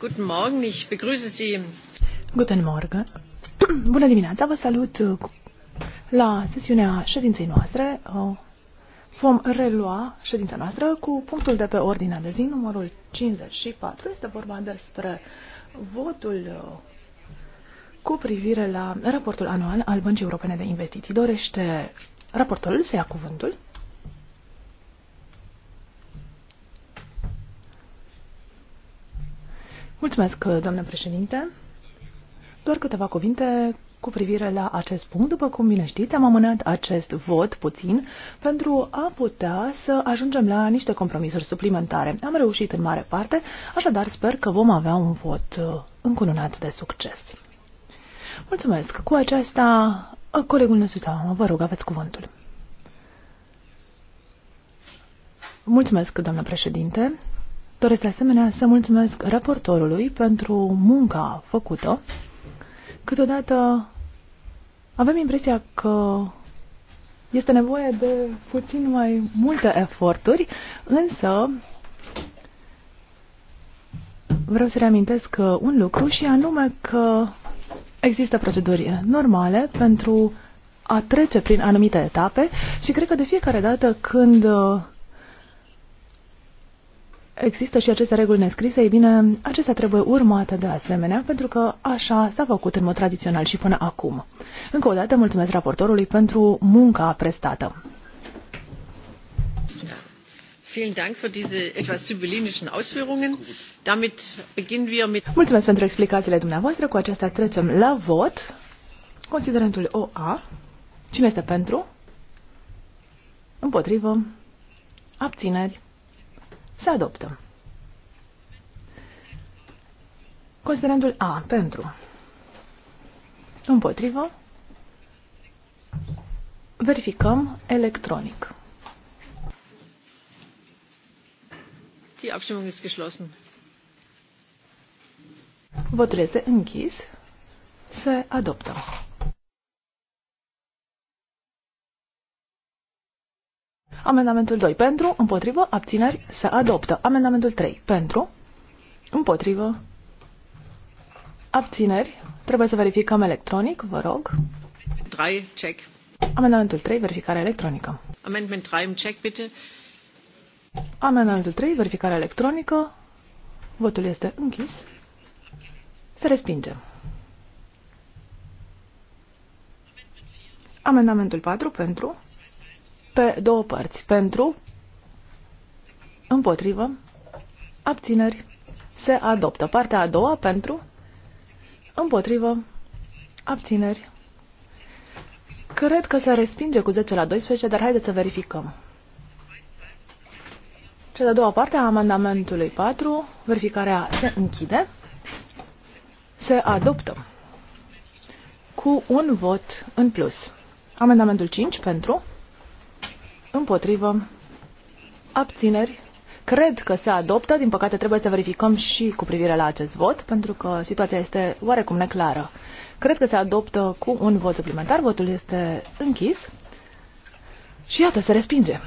Guten Morgen, ich begrüße Sie. Guten Morgen. Bună dimineața, vă salut la sesiunea ședinței noastre. Vom relua ședința noastră cu punctul de pe ordinea de zi, numărul 54. Este vorba despre votul uh, cu privire la raportul anual al Băncii Europene de Investiții. Dorește raportorul să ia cuvântul? Mulțumesc, doamnă președinte. Doar câteva cuvinte cu privire la acest punct. După cum bine știți, am amânat acest vot puțin pentru a putea să ajungem la niște compromisuri suplimentare. Am reușit în mare parte, așadar sper că vom avea un vot uh, încununat de succes. Mulțumesc. Cu aceasta, uh, colegul nostru vă rog, aveți cuvântul. Mulțumesc, doamnă președinte. Doresc de asemenea să mulțumesc raportorului pentru munca făcută. Câteodată avem impresia că este nevoie de puțin mai multe eforturi, însă vreau să reamintesc un lucru și anume că există proceduri normale pentru a trece prin anumite etape și cred că de fiecare dată când există și aceste reguli nescrise, ei bine, acestea trebuie urmate de asemenea, pentru că așa s-a făcut în mod tradițional și până acum. Încă o dată mulțumesc raportorului pentru munca prestată. Mulțumesc pentru explicațiile dumneavoastră. Cu acestea trecem la vot. Considerentul OA. Cine este pentru? Împotrivă? Abțineri? Se adoptă. Considerentul A. Pentru. Împotrivă. Verificăm electronic. Die Abstimmung ist geschlossen. Votul este închis. Se adoptă. Amendamentul 2 pentru, împotrivă, abțineri, se adoptă. Amendamentul 3 pentru, împotrivă, abțineri, trebuie să verificăm electronic, vă rog. 3, check. Amendamentul 3, verificare electronică. Amendment 3, check, bitte. Amendamentul 3, verificare electronică. Votul este închis. Se respinge. Amendamentul 4 pentru, pe două părți. Pentru, împotrivă, abțineri, se adoptă. Partea a doua, pentru, împotrivă, abțineri. Cred că se respinge cu 10 la 12, dar haideți să verificăm. Cea de-a doua parte a amendamentului 4, verificarea se închide, se adoptă cu un vot în plus. Amendamentul 5 pentru, Împotrivă. Abțineri. Cred că se adoptă. Din păcate trebuie să verificăm și cu privire la acest vot, pentru că situația este oarecum neclară. Cred că se adoptă cu un vot suplimentar. Votul este închis. Și iată, se respinge.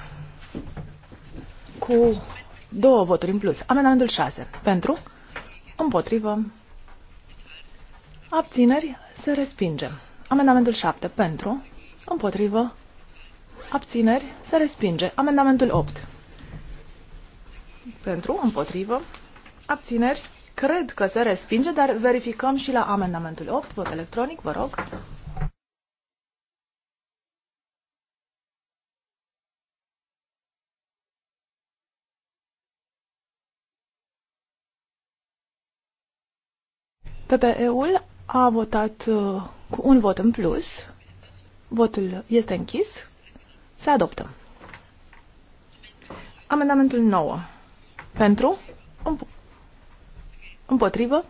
Cu două voturi în plus. Amendamentul 6. Pentru. Împotrivă. Abțineri. Se respinge. Amendamentul 7. Pentru. Împotrivă. Abțineri. Se respinge. Amendamentul 8. Pentru, împotrivă. Abțineri. Cred că se respinge, dar verificăm și la amendamentul 8. Vot electronic, vă rog. PPE-ul a votat uh, cu un vot în plus. Votul este închis. Se adoptă. Amendamentul 9. Pentru? Împotrivă?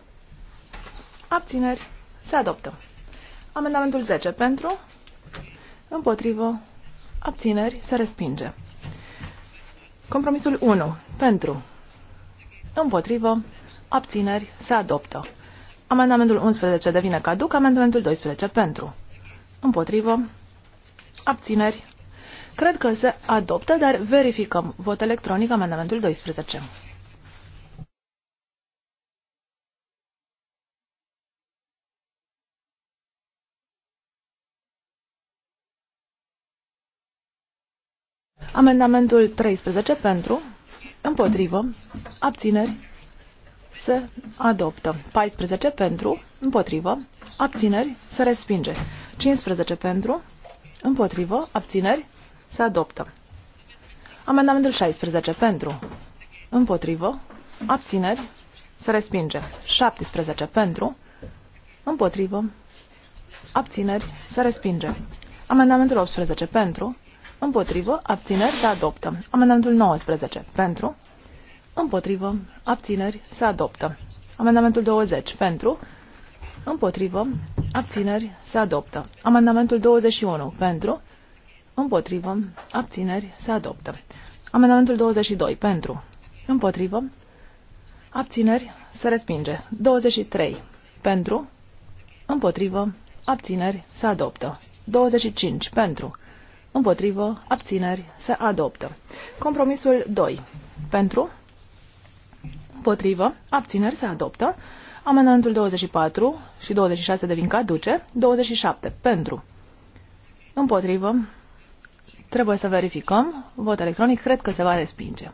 Abțineri? Se adoptă. Amendamentul 10. Pentru? Împotrivă? Abțineri? Se respinge. Compromisul 1. Pentru? Împotrivă? Abțineri? Se adoptă. Amendamentul 11 devine caduc. Amendamentul 12. Pentru? Împotrivă? Abțineri? Cred că se adoptă, dar verificăm. Vot electronic, amendamentul 12. Amendamentul 13 pentru, împotrivă, abțineri, se adoptă. 14 pentru, împotrivă, abțineri, se respinge. 15 pentru, împotrivă, abțineri, se adoptă. Amendamentul 16. Pentru. Împotrivă. Abțineri. Se respinge. 17. Pentru. Împotrivă. Abțineri. Se respinge. Amendamentul 18. Pentru. Împotrivă. Abțineri. Se adoptă. Amendamentul 19. Pentru. Împotrivă. Abțineri. Se adoptă. Amendamentul 20. Pentru. Împotrivă. Abțineri. Se adoptă. Amendamentul 21. Pentru. Împotrivă. Abțineri. Se adoptă. Amendamentul 22. Pentru. Împotrivă. Abțineri. Se respinge. 23. Pentru. Împotrivă. Abțineri. Se adoptă. 25. Pentru. Împotrivă. Abțineri. Se adoptă. Compromisul 2. Pentru. Împotrivă. Abțineri. Se adoptă. Amendamentul 24 și 26 devin caduce. 27. Pentru. Împotrivă. Trebuie să verificăm. Vot electronic cred că se va respinge.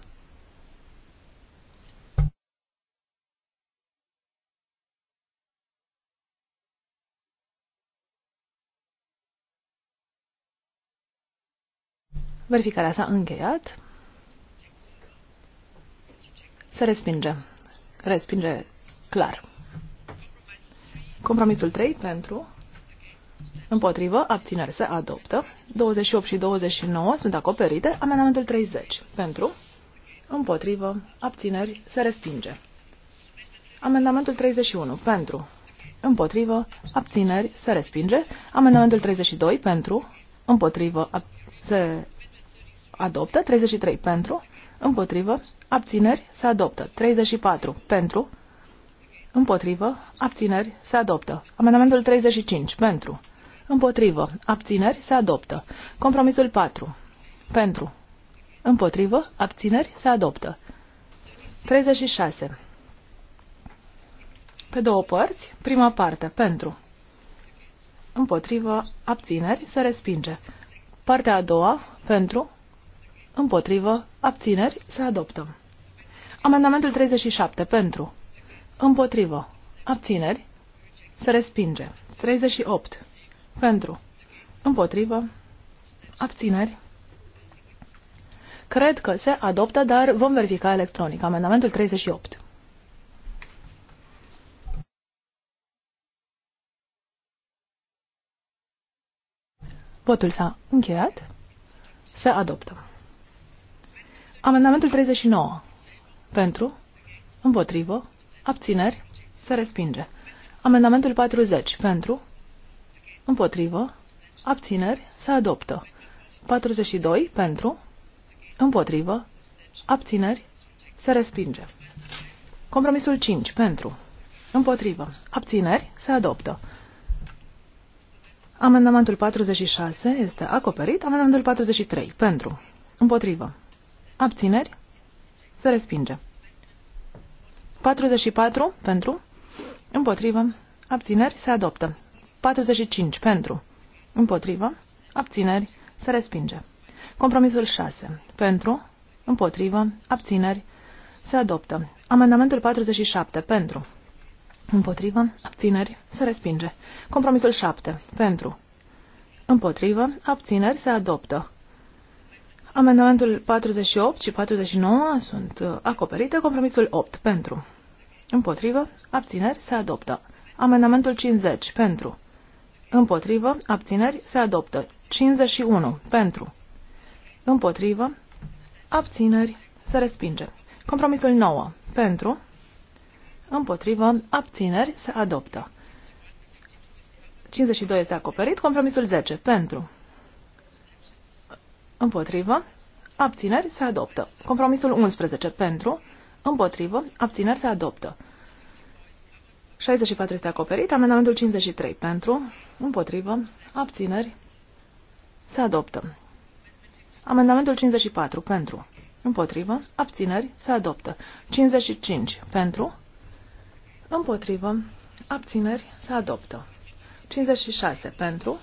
Verificarea s-a încheiat. Se respinge. Respinge clar. Compromisul 3 pentru Împotrivă, abțineri se adoptă. 28 și 29 sunt acoperite. Amendamentul 30. Pentru. Împotrivă, abțineri se respinge. Amendamentul 31. Pentru. Împotrivă, abțineri se respinge. Amendamentul 32. Pentru. Împotrivă, se adoptă. 33. Pentru. Împotrivă, abțineri se adoptă. 34. Pentru. Împotrivă. Abțineri. Se adoptă. Amendamentul 35. Pentru. Împotrivă. Abțineri. Se adoptă. Compromisul 4. Pentru. Împotrivă. Abțineri. Se adoptă. 36. Pe două părți. Prima parte. Pentru. Împotrivă. Abțineri. Se respinge. Partea a doua. Pentru. Împotrivă. Abțineri. Se adoptă. Amendamentul 37. Pentru. Împotrivă. Abțineri. Se respinge. 38. Pentru. Împotrivă. Abțineri. Cred că se adoptă, dar vom verifica electronic. Amendamentul 38. Votul s-a încheiat. Se adoptă. Amendamentul 39. Pentru. Împotrivă. Abțineri. Se respinge. Amendamentul 40. Pentru împotrivă, abțineri, se adoptă. 42 pentru, împotrivă, abțineri, se respinge. Compromisul 5 pentru, împotrivă, abțineri, se adoptă. Amendamentul 46 este acoperit. Amendamentul 43 pentru, împotrivă, abțineri, se respinge. 44 pentru, împotrivă, abțineri, se adoptă. 45 pentru. Împotrivă. Abțineri. Se respinge. Compromisul 6. Pentru. Împotrivă. Abțineri. Se adoptă. Amendamentul 47. Pentru. Împotrivă. Abțineri. Se respinge. Compromisul 7. Pentru. Împotrivă. Abțineri. Se adoptă. Amendamentul 48 și 49 sunt uh, acoperite. Compromisul 8. Pentru. Împotrivă. Abțineri. Se adoptă. Amendamentul 50. Pentru. Împotrivă. Abțineri. Se adoptă. 51. Pentru. Împotrivă. Abțineri. Se respinge. Compromisul 9. Pentru. Împotrivă. Abțineri. Se adoptă. 52 este acoperit. Compromisul 10. Pentru. Împotrivă. Abțineri. Se adoptă. Compromisul 11. Pentru. Împotrivă. Abțineri. Se adoptă. 64 este acoperit. Amendamentul 53 pentru, împotrivă, abțineri, se adoptă. Amendamentul 54 pentru, împotrivă, abțineri, se adoptă. 55 pentru, împotrivă, abțineri, se adoptă. 56 pentru,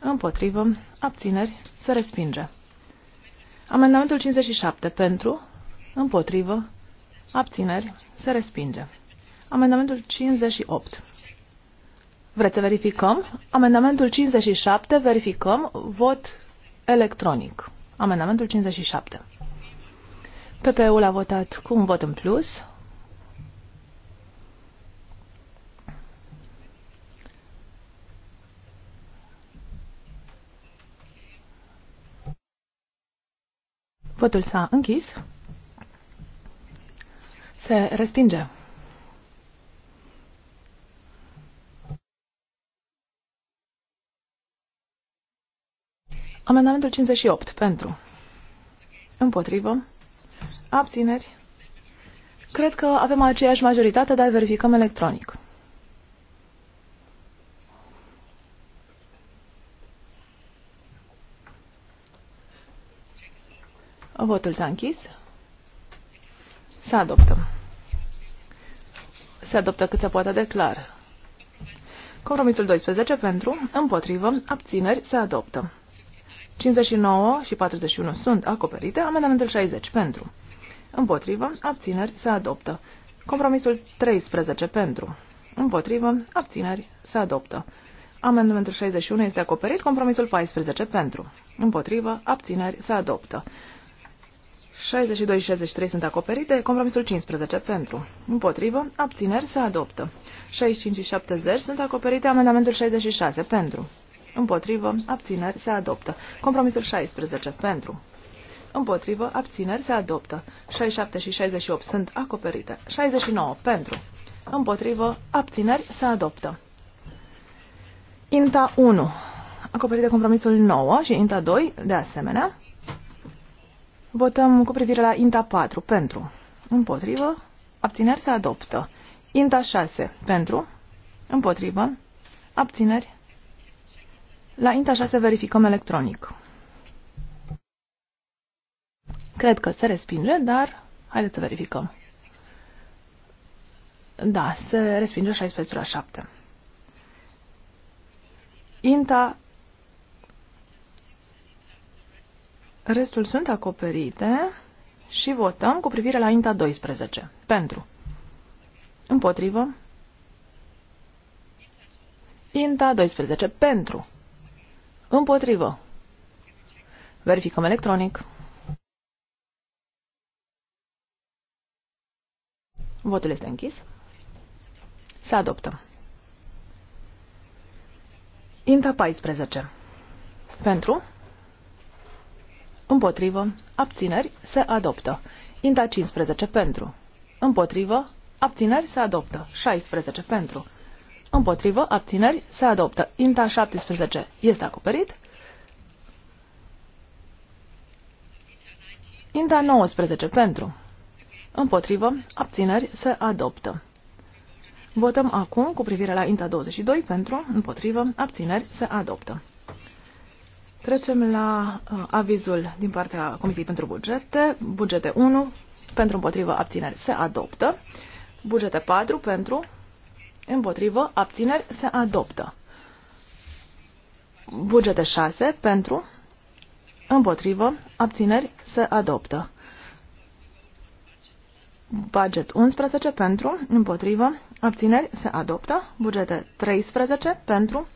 împotrivă, abțineri, se respinge. Amendamentul 57 pentru, împotrivă, abțineri, se respinge. Amendamentul 58. Vreți să verificăm? Amendamentul 57, verificăm, vot electronic. Amendamentul 57. PPE-ul a votat cu un vot în plus. Votul s-a închis. Se respinge. Amendamentul 58. Pentru. Împotrivă. Abțineri. Cred că avem aceeași majoritate, dar verificăm electronic. Votul s-a închis. Se adoptă. Se adoptă cât se poate de clar. Compromisul 12 pentru, împotrivă, abțineri, se adoptă. 59 și 41 sunt acoperite. Amendamentul 60 pentru. Împotrivă. Abțineri. Se adoptă. Compromisul 13 pentru. Împotrivă. Abțineri. Se adoptă. Amendamentul 61 este acoperit. Compromisul 14 pentru. Împotrivă. Abțineri. Se adoptă. 62 și 63 sunt acoperite. Compromisul 15 pentru. Împotrivă. Abțineri. Se adoptă. 65 și 70 sunt acoperite. Amendamentul 66 pentru. Împotrivă. Abțineri. Se adoptă. Compromisul 16. Pentru. Împotrivă. Abțineri. Se adoptă. 67 și 68 sunt acoperite. 69. Pentru. Împotrivă. Abțineri. Se adoptă. INTA 1. Acoperite compromisul 9 și INTA 2, de asemenea. Votăm cu privire la INTA 4. Pentru. Împotrivă. Abțineri se adoptă. INTA 6. Pentru. Împotrivă. Abțineri la așa se verificăm electronic. Cred că se respinge, dar haideți să verificăm. Da, se respinge 16 la 7. INTA Restul sunt acoperite și votăm cu privire la INTA 12. Pentru. Împotrivă. INTA 12. Pentru. Împotrivă. Verificăm electronic. Votul este închis. Se adoptă. Inta 14. Pentru. Împotrivă. Abțineri. Se adoptă. Inta 15. Pentru. Împotrivă. Abțineri. Se adoptă. 16. Pentru. Împotrivă, abțineri, se adoptă. Inta 17 este acoperit. Inta 19 pentru. Împotrivă, abțineri, se adoptă. Votăm acum cu privire la INTA 22 pentru, împotrivă, abțineri, se adoptă. Trecem la uh, avizul din partea Comisiei pentru Bugete. Bugete 1 pentru, împotrivă, abțineri, se adoptă. Bugete 4 pentru, Împotrivă, abțineri, se adoptă. Bugete 6 pentru, împotrivă, abțineri, se adoptă. Budget 11 pentru, împotrivă, abțineri, se adoptă. Bugete 13 pentru,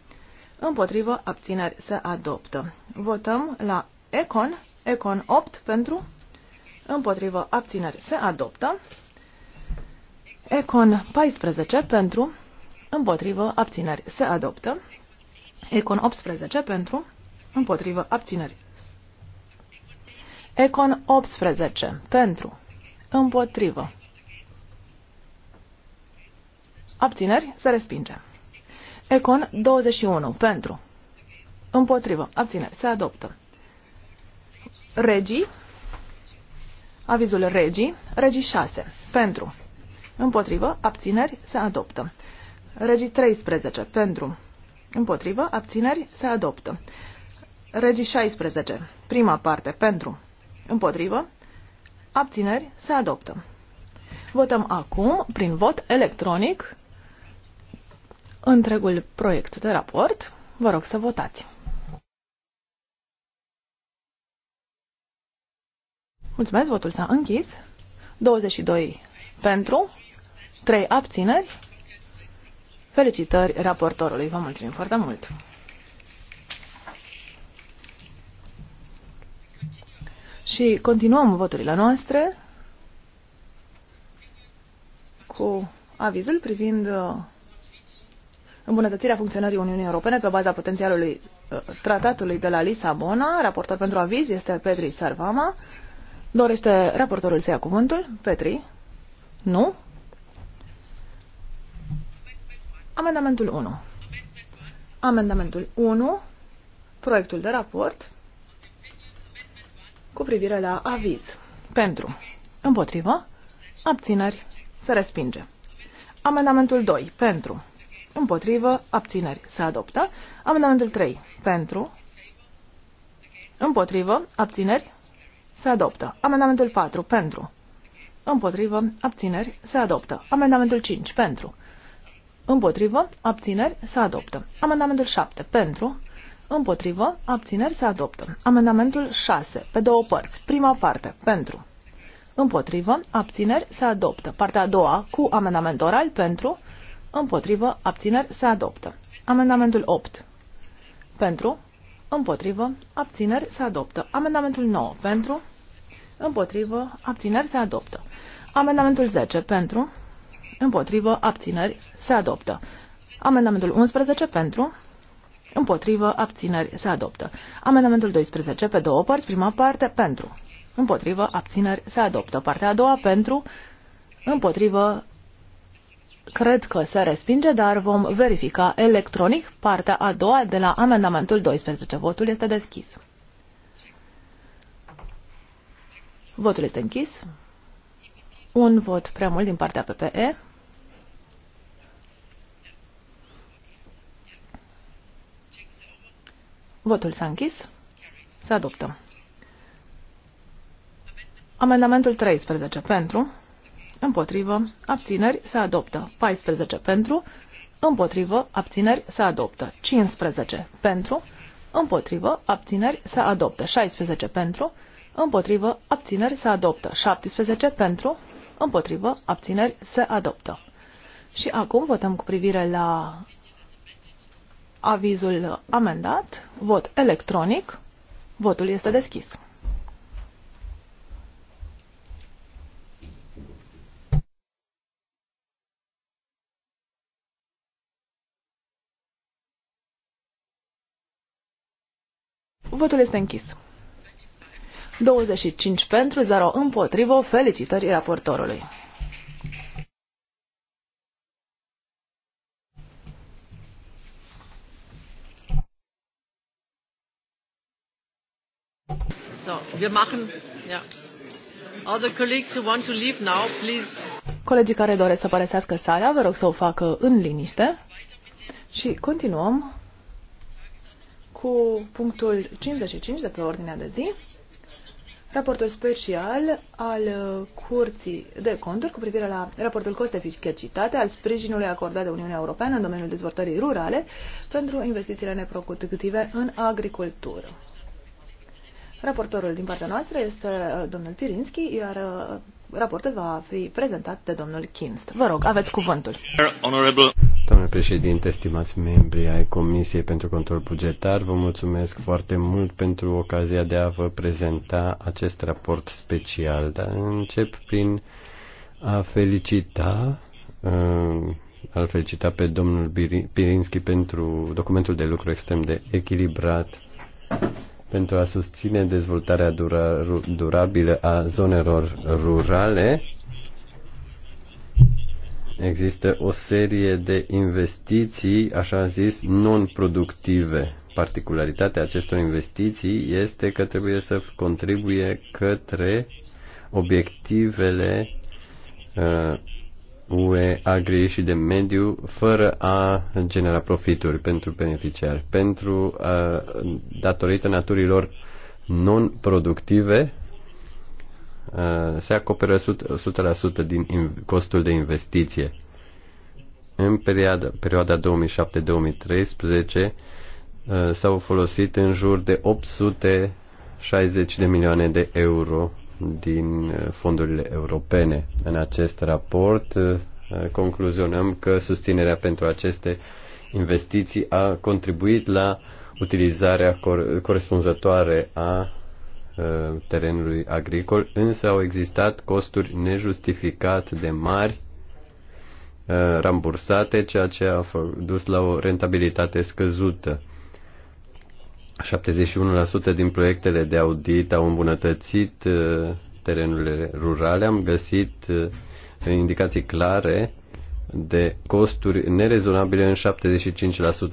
împotrivă, abțineri, se adoptă. Votăm la Econ, Econ 8 pentru, împotrivă, abțineri, se adoptă. Econ 14 pentru, împotrivă, abțineri se adoptă. Econ 18 pentru, împotrivă, abțineri. Econ 18 pentru, împotrivă. Abțineri se respinge. Econ 21 pentru, împotrivă, abțineri se adoptă. Regii, avizul regii, regii 6 pentru, Împotrivă, abțineri, se adoptă. Regii 13. Pentru. Împotrivă, abțineri, se adoptă. Regii 16. Prima parte. Pentru. Împotrivă, abțineri, se adoptă. Votăm acum, prin vot electronic, întregul proiect de raport. Vă rog să votați. Mulțumesc, votul s-a închis. 22 pentru, 3 abțineri. Felicitări raportorului. Vă mulțumim foarte mult. Și continuăm voturile noastre cu avizul privind uh, îmbunătățirea funcționării Uniunii Europene pe baza potențialului uh, tratatului de la Lisabona. Raportor pentru aviz este Petri Sarvama. Dorește raportorul să ia cuvântul? Petri? Nu? Amendamentul 1. Amendamentul 1, proiectul de raport cu privire la aviz. Pentru. Împotrivă. Abțineri. Se respinge. Amendamentul 2. Pentru. Împotrivă. Abțineri. Se adoptă. Amendamentul 3. Pentru. Împotrivă. Abțineri. Se adoptă. Amendamentul 4. Pentru. Împotrivă. Abțineri. Se adoptă. Amendamentul 5. Pentru. Împotrivă, abțineri, se adoptă. Amendamentul 7. Pentru, împotrivă, abțineri, se adoptă. Amendamentul 6. Pe două părți. Prima parte. Pentru. Împotrivă, abțineri, se adoptă. Partea a doua, cu amendament oral, pentru. Împotrivă, abțineri, se adoptă. Amendamentul 8. Pentru. Împotrivă, abțineri, se adoptă. Amendamentul 9. Pentru. Împotrivă, abțineri, se adoptă. Amendamentul 10. Pentru împotrivă, abțineri, se adoptă. Amendamentul 11 pentru, împotrivă, abțineri, se adoptă. Amendamentul 12 pe două părți, prima parte pentru, împotrivă, abțineri, se adoptă. Partea a doua pentru, împotrivă, cred că se respinge, dar vom verifica electronic partea a doua de la amendamentul 12. Votul este deschis. Votul este închis. Un vot prea mult din partea PPE. Votul s-a închis. Se adoptă. Amendamentul 13 pentru, împotrivă, abțineri, se adoptă. 14 pentru, împotrivă, abțineri, se adoptă. 15 pentru, împotrivă, abțineri, se adoptă. 16 pentru, împotrivă, abțineri, se adoptă. 17 pentru, împotrivă, abțineri, se adoptă. Și acum votăm cu privire la avizul amendat, vot electronic, votul este deschis. Votul este închis. 25 pentru, 0 împotrivă. Felicitări raportorului. So, wir machen, ja. All the colleagues who want to leave now, please. Colegii care doresc să părăsească sala, vă rog să o facă în liniște. Și continuăm cu punctul 55 de pe ordinea de zi, raportul special al Curții de Conturi cu privire la raportul cost-eficacitate al sprijinului acordat de Uniunea Europeană în domeniul dezvoltării rurale pentru investițiile neproductive în agricultură. Raportorul din partea noastră este uh, domnul Pirinski, iar uh, raportul va fi prezentat de domnul Kinst. Vă rog, aveți cuvântul. Domnule președinte, stimați membri ai Comisiei pentru Control Bugetar, vă mulțumesc foarte mult pentru ocazia de a vă prezenta acest raport special. Dar încep prin a felicita uh, al felicita pe domnul Pirinski pentru documentul de lucru extrem de echilibrat pentru a susține dezvoltarea dura, durabilă a zonelor rurale. Există o serie de investiții, așa zis, non-productive. Particularitatea acestor investiții este că trebuie să contribuie către obiectivele uh, UE Agri și de mediu fără a genera profituri pentru beneficiari. Pentru uh, datorită naturilor non-productive uh, se acoperă 100% din costul de investiție. În perioada, perioada 2007-2013 uh, s-au folosit în jur de 860 de milioane de euro din uh, fondurile europene. În acest raport uh, concluzionăm că susținerea pentru aceste investiții a contribuit la utilizarea cor- corespunzătoare a uh, terenului agricol, însă au existat costuri nejustificat de mari rambursate, ceea ce a dus la o rentabilitate scăzută. 71% din proiectele de audit au îmbunătățit uh, terenurile rurale. Am găsit uh, indicații clare de costuri nerezonabile în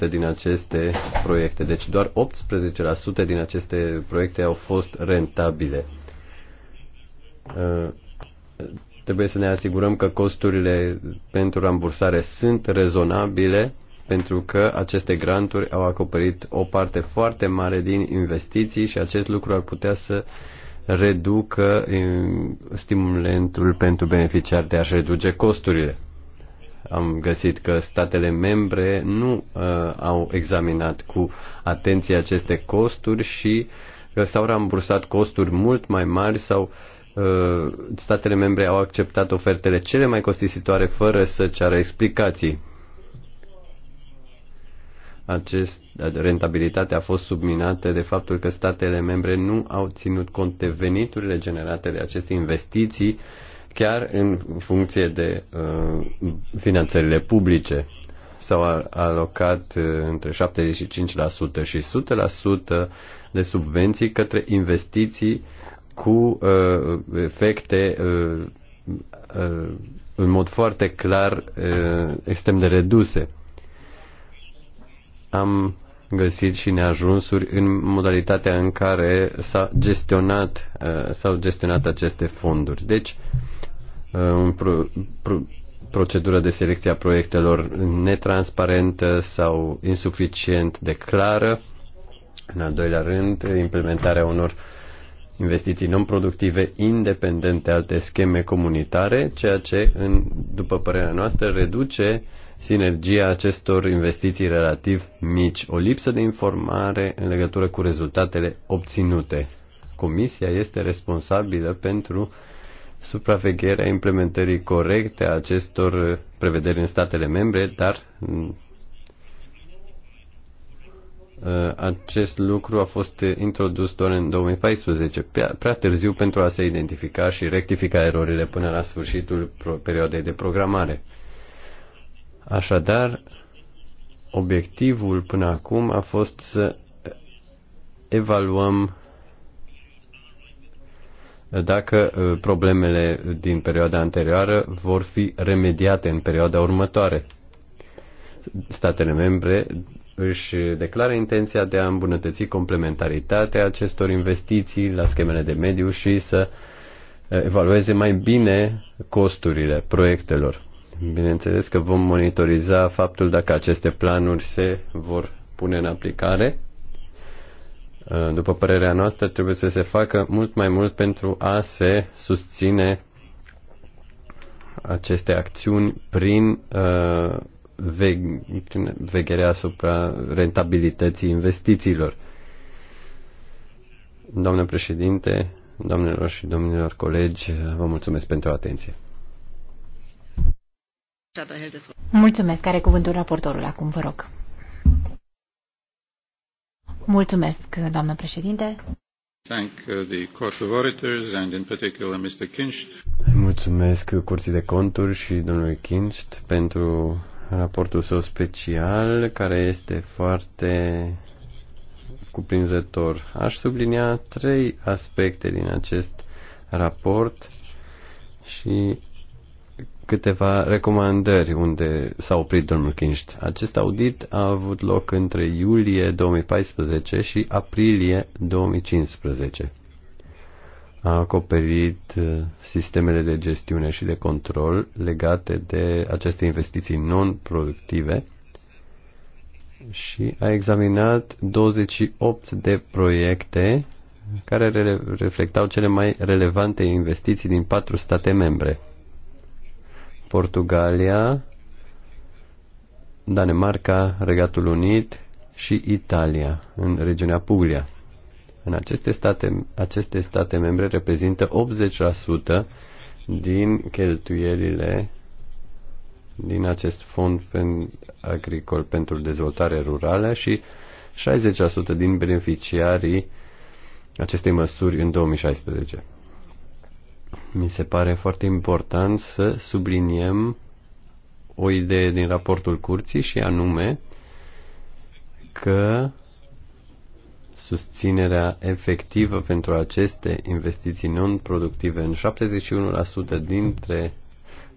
75% din aceste proiecte. Deci doar 18% din aceste proiecte au fost rentabile. Uh, trebuie să ne asigurăm că costurile pentru rambursare sunt rezonabile pentru că aceste granturi au acoperit o parte foarte mare din investiții și acest lucru ar putea să reducă eh, stimulentul pentru beneficiar de a-și reduce costurile. Am găsit că statele membre nu uh, au examinat cu atenție aceste costuri și că s-au rambursat costuri mult mai mari sau uh, statele membre au acceptat ofertele cele mai costisitoare fără să ceară explicații acest, rentabilitatea a fost subminată de faptul că statele membre nu au ținut cont de veniturile generate de aceste investiții, chiar în funcție de uh, finanțările publice. S-au alocat uh, între 75% și 100% de subvenții către investiții cu uh, efecte uh, uh, în mod foarte clar uh, extrem de reduse am găsit și neajunsuri în modalitatea în care s-a gestionat, uh, s-au gestionat aceste fonduri. Deci, uh, un pro, pro, procedură de selecție a proiectelor netransparentă sau insuficient de clară. În al doilea rând, implementarea unor investiții non-productive independente alte scheme comunitare, ceea ce, în, după părerea noastră, reduce uh, sinergia acestor investiții relativ mici, o lipsă de informare în legătură cu rezultatele obținute. Comisia este responsabilă pentru supravegherea implementării corecte a acestor prevederi în statele membre, dar uh, acest lucru a fost introdus doar în 2014, prea târziu pentru a se identifica și rectifica erorile până la sfârșitul perioadei de programare. Așadar, obiectivul până acum a fost să evaluăm dacă uh, problemele din perioada anterioară vor fi remediate în perioada următoare. Statele membre își declară intenția de a îmbunătăți complementaritatea acestor investiții la schemele de mediu și să uh, evalueze mai bine costurile proiectelor. Bineînțeles că vom monitoriza faptul dacă aceste planuri se vor pune în aplicare. Uh, după părerea noastră, trebuie să se facă mult mai mult pentru a se susține aceste acțiuni prin uh, ve- prin vegherea asupra rentabilității investițiilor. Doamnă președinte, doamnelor și domnilor colegi, vă mulțumesc pentru atenție. Mulțumesc. Care cuvântul raportorul acum, vă rog. Mulțumesc, doamnă președinte. Thank uh, the Court of Auditors and in particular Mr. Kinst. Mulțumesc Curții de Conturi și domnului Kinst pentru raportul său special, care este foarte cuprinzător. Aș sublinia trei aspecte din acest raport și câteva recomandări unde s-a oprit domnul Kinst. Acest audit a avut loc între iulie 2014 și aprilie 2015. A acoperit uh, sistemele de gestiune și de control legate de aceste investiții non-productive și a examinat 28 de proiecte care reflectau cele mai relevante investiții din patru state membre Portugalia, Danemarca, Regatul Unit și Italia, în regiunea Puglia. În aceste state, aceste state membre reprezintă 80% din cheltuielile din acest fond pen, agricol pentru dezvoltare rurală și 60% din beneficiarii acestei măsuri în 2016 mi se pare foarte important să subliniem o idee din raportul curții și anume că susținerea efectivă pentru aceste investiții non-productive în 71% dintre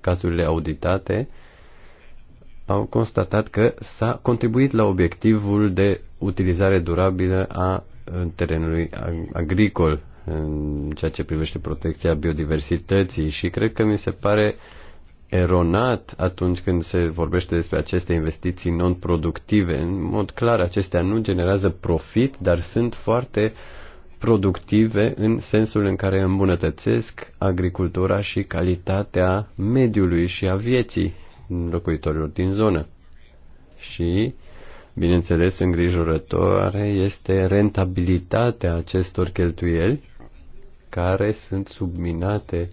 cazurile auditate au constatat că s-a contribuit la obiectivul de utilizare durabilă a terenului agricol în ceea ce privește protecția biodiversității și cred că mi se pare eronat atunci când se vorbește despre aceste investiții non-productive. În mod clar, acestea nu generează profit, dar sunt foarte productive în sensul în care îmbunătățesc agricultura și calitatea mediului și a vieții locuitorilor din zonă. Și, bineînțeles, îngrijorătoare este rentabilitatea acestor cheltuieli care sunt subminate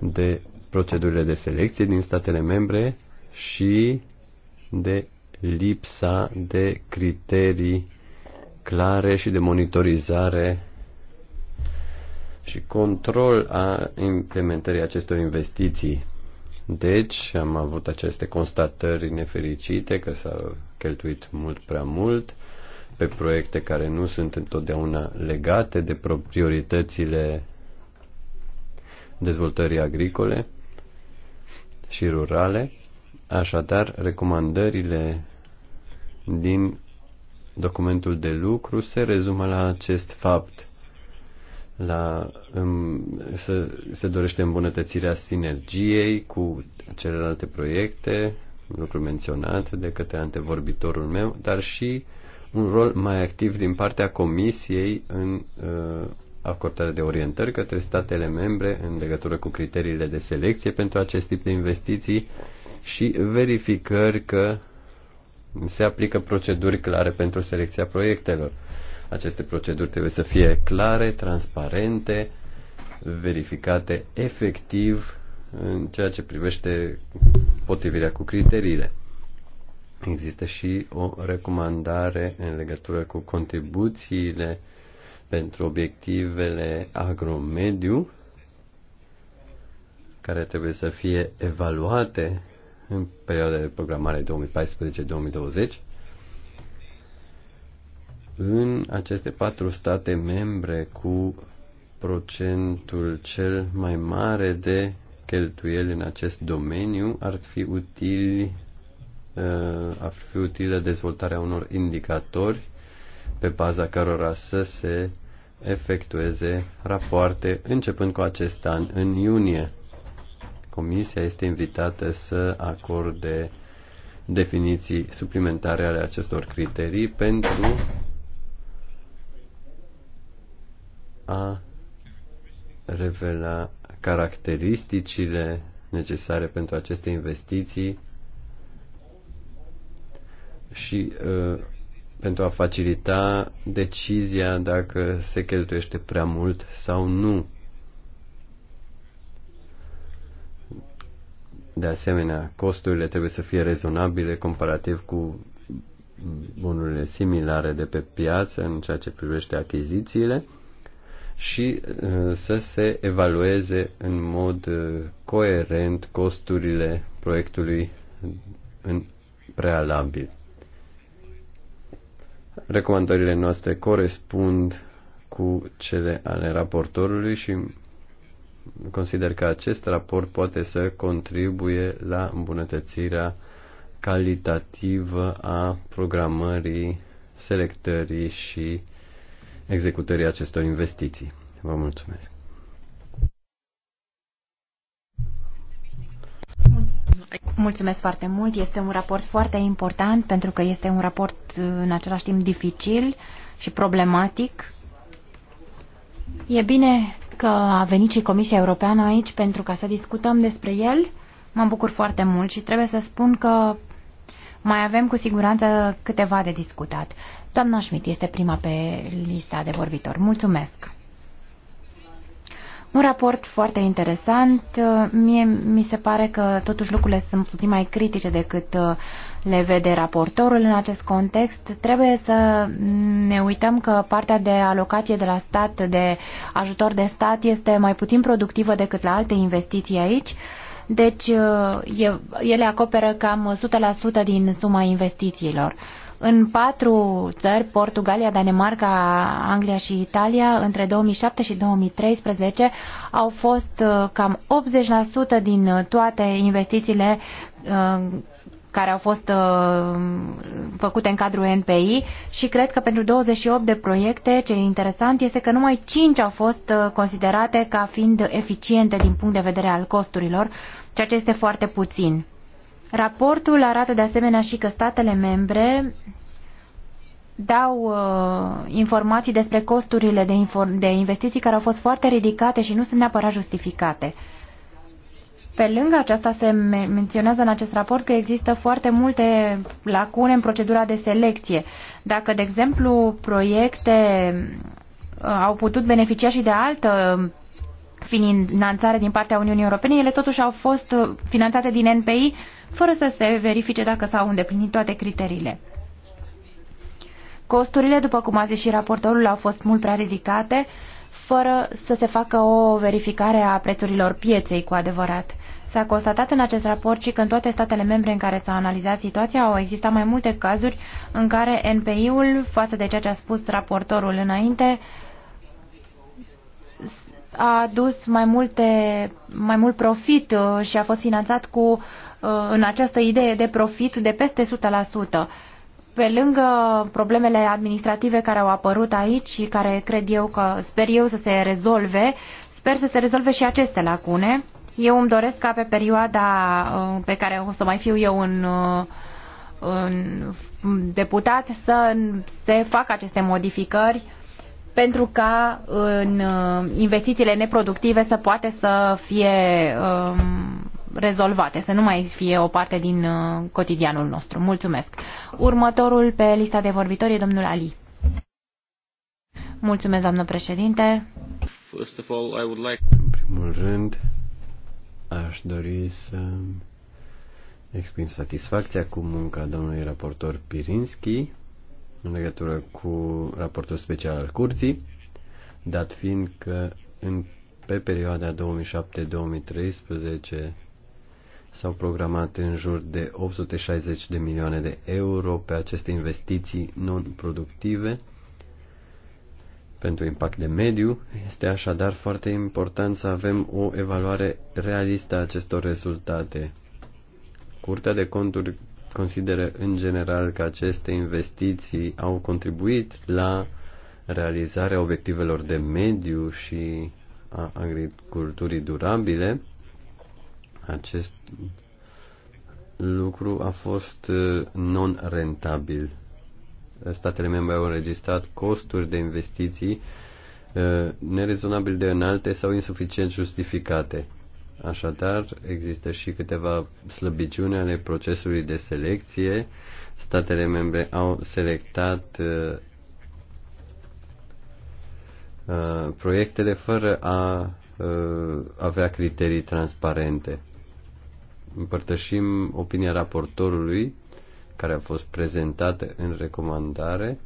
de procedurile de selecție din statele membre și de lipsa de criterii clare și de monitorizare și control a implementării acestor investiții. Deci am avut aceste constatări nefericite că s-a cheltuit mult prea mult pe proiecte care nu sunt întotdeauna legate de prioritățile dezvoltării agricole și rurale. Așadar, recomandările din documentul de lucru se rezumă la acest fapt. La, în, se, se dorește îmbunătățirea sinergiei cu celelalte proiecte, lucru menționat de către antevorbitorul meu, dar și uh, un rol mai activ din partea Comisiei în uh, acordarea de orientări către statele membre în legătură cu criteriile de selecție pentru acest tip de investiții și verificări că se aplică proceduri clare pentru selecția proiectelor. Aceste proceduri trebuie să fie clare, transparente, verificate efectiv în ceea ce privește potrivirea cu criteriile. Există și o recomandare în legătură cu contribuțiile pentru obiectivele agromediu care trebuie să fie evaluate în perioada de programare 2014-2020 în aceste patru state membre cu procentul cel mai mare de cheltuieli în acest domeniu ar fi utili Uh, ar fi utilă dezvoltarea unor indicatori pe baza cărora să se efectueze rapoarte începând cu acest an, în iunie. Comisia este invitată să acorde definiții suplimentare ale acestor criterii pentru a revela caracteristicile necesare pentru aceste investiții și uh, pentru a facilita decizia dacă se cheltuiește prea mult sau nu. De asemenea, costurile trebuie să fie rezonabile comparativ cu bunurile similare de pe piață în ceea ce privește achizițiile și uh, să se evalueze în mod uh, coerent costurile proiectului în prealabil. Recomandările noastre corespund cu cele ale raportorului și consider că acest raport poate să contribuie la îmbunătățirea calitativă a programării, selectării și executării acestor investiții. Vă mulțumesc. Mulțumesc foarte mult. Este un raport foarte important pentru că este un raport uh, în același timp dificil și problematic. E bine că a venit și Comisia Europeană aici pentru ca să discutăm despre el. Mă bucur foarte mult și trebuie să spun că mai avem cu siguranță câteva de discutat. Doamna Schmidt este prima pe lista de vorbitori. Mulțumesc! Un raport foarte interesant. Mie mi se pare că totuși lucrurile sunt puțin mai critice decât uh, le vede raportorul în acest context. Trebuie să ne uităm că partea de alocație de la stat, de ajutor de stat, este mai puțin productivă decât la alte investiții aici. Deci uh, ele acoperă cam 100% din suma investițiilor. În patru țări, Portugalia, Danemarca, Anglia și Italia, între 2007 și 2013 au fost uh, cam 80% din toate investițiile uh, care au fost uh, făcute în cadrul NPI și cred că pentru 28 de proiecte ce e interesant este că numai 5 au fost considerate ca fiind eficiente din punct de vedere al costurilor, ceea ce este foarte puțin. Raportul arată de asemenea și că statele membre dau uh, informații despre costurile de, de investiții care au fost foarte ridicate și nu sunt neapărat justificate. Pe lângă aceasta se menționează în acest raport că există foarte multe lacune în procedura de selecție. Dacă, de exemplu, proiecte uh, au putut beneficia și de altă finanțare din partea Uniunii Europene, ele totuși au fost uh, finanțate din NPI fără să se verifice dacă s-au îndeplinit toate criteriile. Costurile, după cum a zis și raportorul, au fost mult prea ridicate, fără să se facă o verificare a prețurilor pieței cu adevărat. S-a constatat în acest raport și că în toate statele membre în care s-a analizat situația au existat mai multe cazuri în care NPI-ul, față de ceea ce a spus raportorul înainte, a adus mai, multe, mai mult profit uh, și a fost finanțat cu Uh, în această idee de profit de peste 100%. Pe lângă problemele administrative care au apărut aici și care cred eu că sper eu să se rezolve, sper să se rezolve și aceste lacune. Eu îmi doresc ca pe perioada uh, pe care o să mai fiu eu în, uh, în deputat să se facă aceste modificări pentru ca în investițiile neproductive să poate să fie um, rezolvate, să nu mai fie o parte din uh, cotidianul nostru. Mulțumesc. Următorul pe lista de vorbitori e domnul Ali. Mulțumesc, doamnă președinte. First of all, I would like... În primul rând, aș dori să exprim satisfacția cu munca domnului raportor Pirinski în legătură cu raportul special al curții, dat fiind că în, pe perioada 2007-2013 S-au programat în jur de 860 de milioane de euro pe aceste investiții non-productive pentru impact de mediu. Este așadar foarte important să avem o evaluare realistă a acestor rezultate. Curtea de conturi consideră în general că aceste investiții au contribuit la realizarea obiectivelor de mediu și a agriculturii durabile acest lucru a fost uh, non-rentabil. Statele membre au înregistrat costuri de investiții uh, nerezonabil de înalte sau insuficient justificate. Așadar, există și câteva slăbiciuni ale procesului de selecție. Statele membre au selectat uh, proiectele fără a avea criterii transparente. Împărtășim opinia raportorului care a fost prezentată în recomandare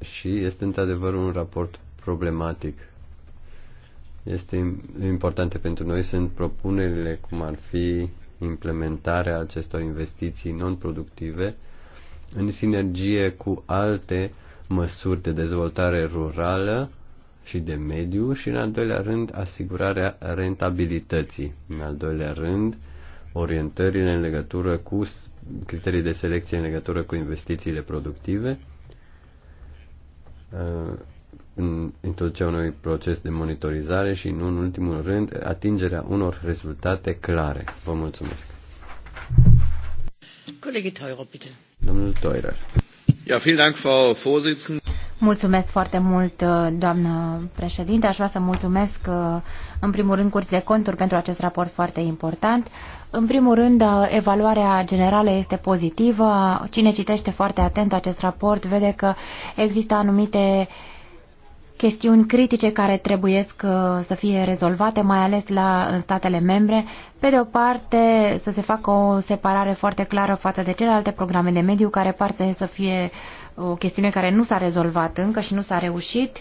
și este într-adevăr un raport problematic. Este importante pentru noi sunt propunerile cum ar fi implementarea acestor investiții non-productive în sinergie cu alte măsuri de dezvoltare rurală și de mediu și, în al doilea rând, asigurarea rentabilității. În al doilea rând, orientările în legătură cu criterii de selecție în legătură cu investițiile productive, uh, în introducerea unui proces de monitorizare și, nu în ultimul rând, atingerea unor rezultate clare. Vă mulțumesc. Colegii Teurer, bitte. Domnul Teurer. Ja, vielen Dank, Frau Vorsitzende. Mulțumesc foarte mult, uh, doamnă președinte. Aș vrea să mulțumesc, uh, în primul rând, curs de Conturi pentru acest raport foarte important. În primul rând, uh, evaluarea generală este pozitivă. Cine citește foarte atent acest raport vede că există anumite chestiuni critice care trebuie să fie rezolvate, mai ales la în statele membre. Pe de o parte, să se facă o separare foarte clară față de celelalte programe de mediu care par să fie uh, o chestiune care nu s-a rezolvat încă și nu s-a reușit.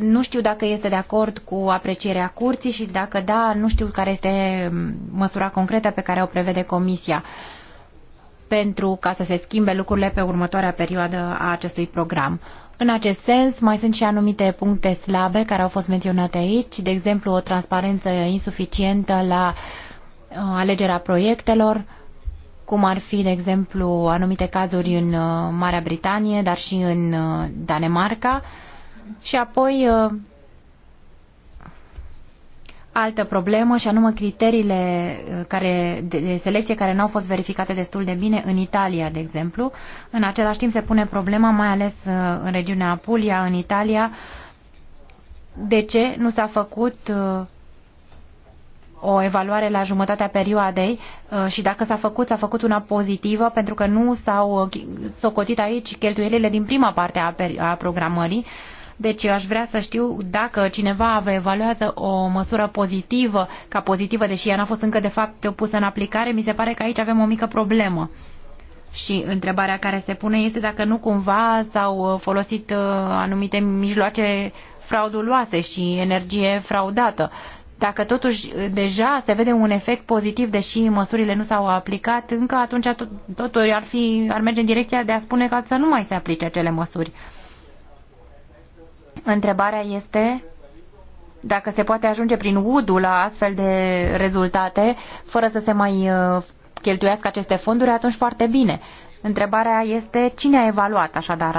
Nu știu dacă este de acord cu aprecierea curții și dacă da, nu știu care este măsura concretă pe care o prevede Comisia pentru ca să se schimbe lucrurile pe următoarea perioadă a acestui program. În acest sens, mai sunt și anumite puncte slabe care au fost menționate aici, de exemplu o transparență insuficientă la uh, alegerea proiectelor, cum ar fi, de exemplu, anumite cazuri în uh, Marea Britanie, dar și în uh, Danemarca. Și apoi uh, altă problemă și anume criteriile care, de selecție care nu au fost verificate destul de bine în Italia, de exemplu. În același timp se pune problema, mai ales în regiunea Apulia, în Italia, de ce nu s-a făcut o evaluare la jumătatea perioadei uh, și dacă s-a făcut, s-a făcut una pozitivă pentru că nu s-au uh, socotit aici cheltuielile din prima parte a, a programării. Deci eu aș vrea să știu dacă cineva evaluează o măsură pozitivă, ca pozitivă, deși ea n-a fost încă de fapt pusă în aplicare, mi se pare că aici avem o mică problemă. Și întrebarea care se pune este dacă nu cumva s-au uh, folosit anumite mijloace frauduloase și energie fraudată. Dacă totuși eh, deja se vede un efect pozitiv, deși măsurile nu s-au aplicat, încă atunci totul ar, fi, ar merge în direcția de a spune că să nu mai se aplice acele măsuri. Întrebarea este dacă se poate ajunge prin UDU la astfel de rezultate, fără să se mai eh, cheltuiască aceste fonduri, atunci foarte bine. Întrebarea este cine a evaluat așadar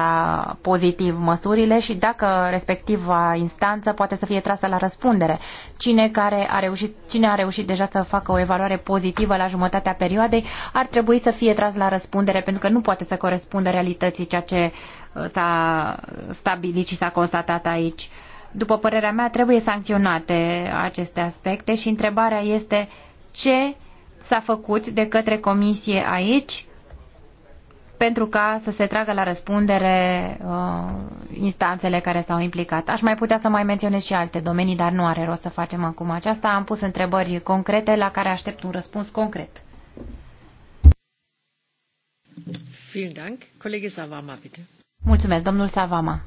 pozitiv măsurile și dacă respectiva instanță poate să fie trasă la răspundere. Cine, care a reușit, cine a reușit deja să facă o evaluare pozitivă la jumătatea perioadei ar trebui să fie tras la răspundere pentru că nu poate să corespundă realității ceea ce uh, s-a stabilit și s-a constatat aici. După părerea mea, trebuie sancționate aceste aspecte și întrebarea este ce s-a făcut de către comisie aici pentru ca să se tragă la răspundere uh, instanțele care s-au implicat. Aș mai putea să mai menționez și alte domenii, dar nu are rost să facem acum aceasta. Am pus întrebări concrete la care aștept un răspuns concret. Vielen Dank. Kollege Savama, bitte. Mulțumesc, domnul Savama.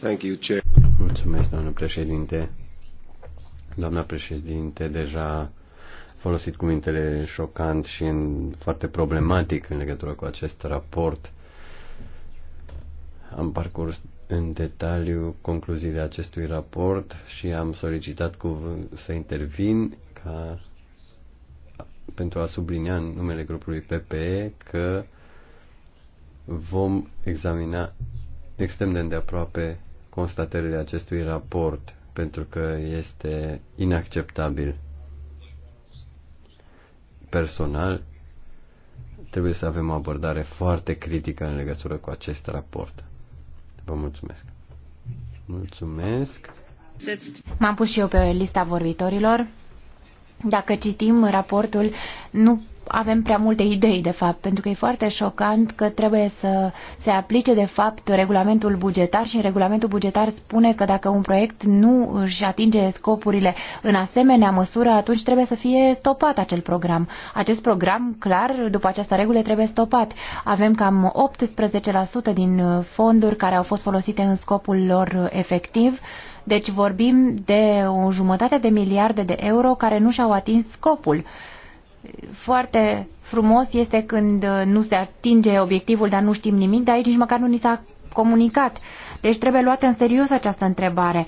Thank you, Chair. Mulțumesc, doamnă președinte. Doamna președinte deja folosit cuvintele șocant și în, foarte problematic în legătură cu acest raport. Am parcurs în detaliu concluziile acestui raport și am solicitat cuv- să intervin ca pentru a sublinia în numele grupului PPE că vom examina extrem de îndeaproape constatările acestui raport pentru că este inacceptabil personal, trebuie să avem o abordare foarte critică în legătură cu acest raport. Vă mulțumesc. Mulțumesc. M-am pus și eu pe lista vorbitorilor. Dacă citim raportul, nu avem prea multe idei, de fapt, pentru că e foarte șocant că trebuie să se aplice, de fapt, regulamentul bugetar și regulamentul bugetar spune că dacă un proiect nu își atinge scopurile în asemenea măsură, atunci trebuie să fie stopat acel program. Acest program, clar, după această regulă, trebuie stopat. Avem cam 18% din fonduri care au fost folosite în scopul lor efectiv. Deci vorbim de o jumătate de miliarde de euro care nu și-au atins scopul foarte frumos este când uh, nu se atinge obiectivul, dar nu știm nimic, dar aici nici măcar nu ni s-a comunicat. Deci trebuie luată în serios această întrebare.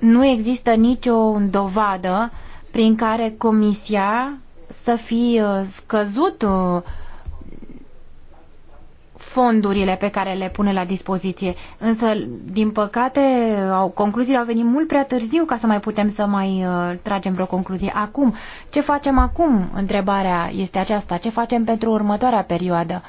Nu există nicio dovadă prin care comisia să fi uh, scăzut uh, fondurile pe care le pune la dispoziție. Însă, din păcate, au, concluziile au venit mult prea târziu ca să mai putem să mai uh, tragem vreo concluzie. Acum, ce facem acum? Întrebarea este aceasta. Ce facem pentru următoarea perioadă?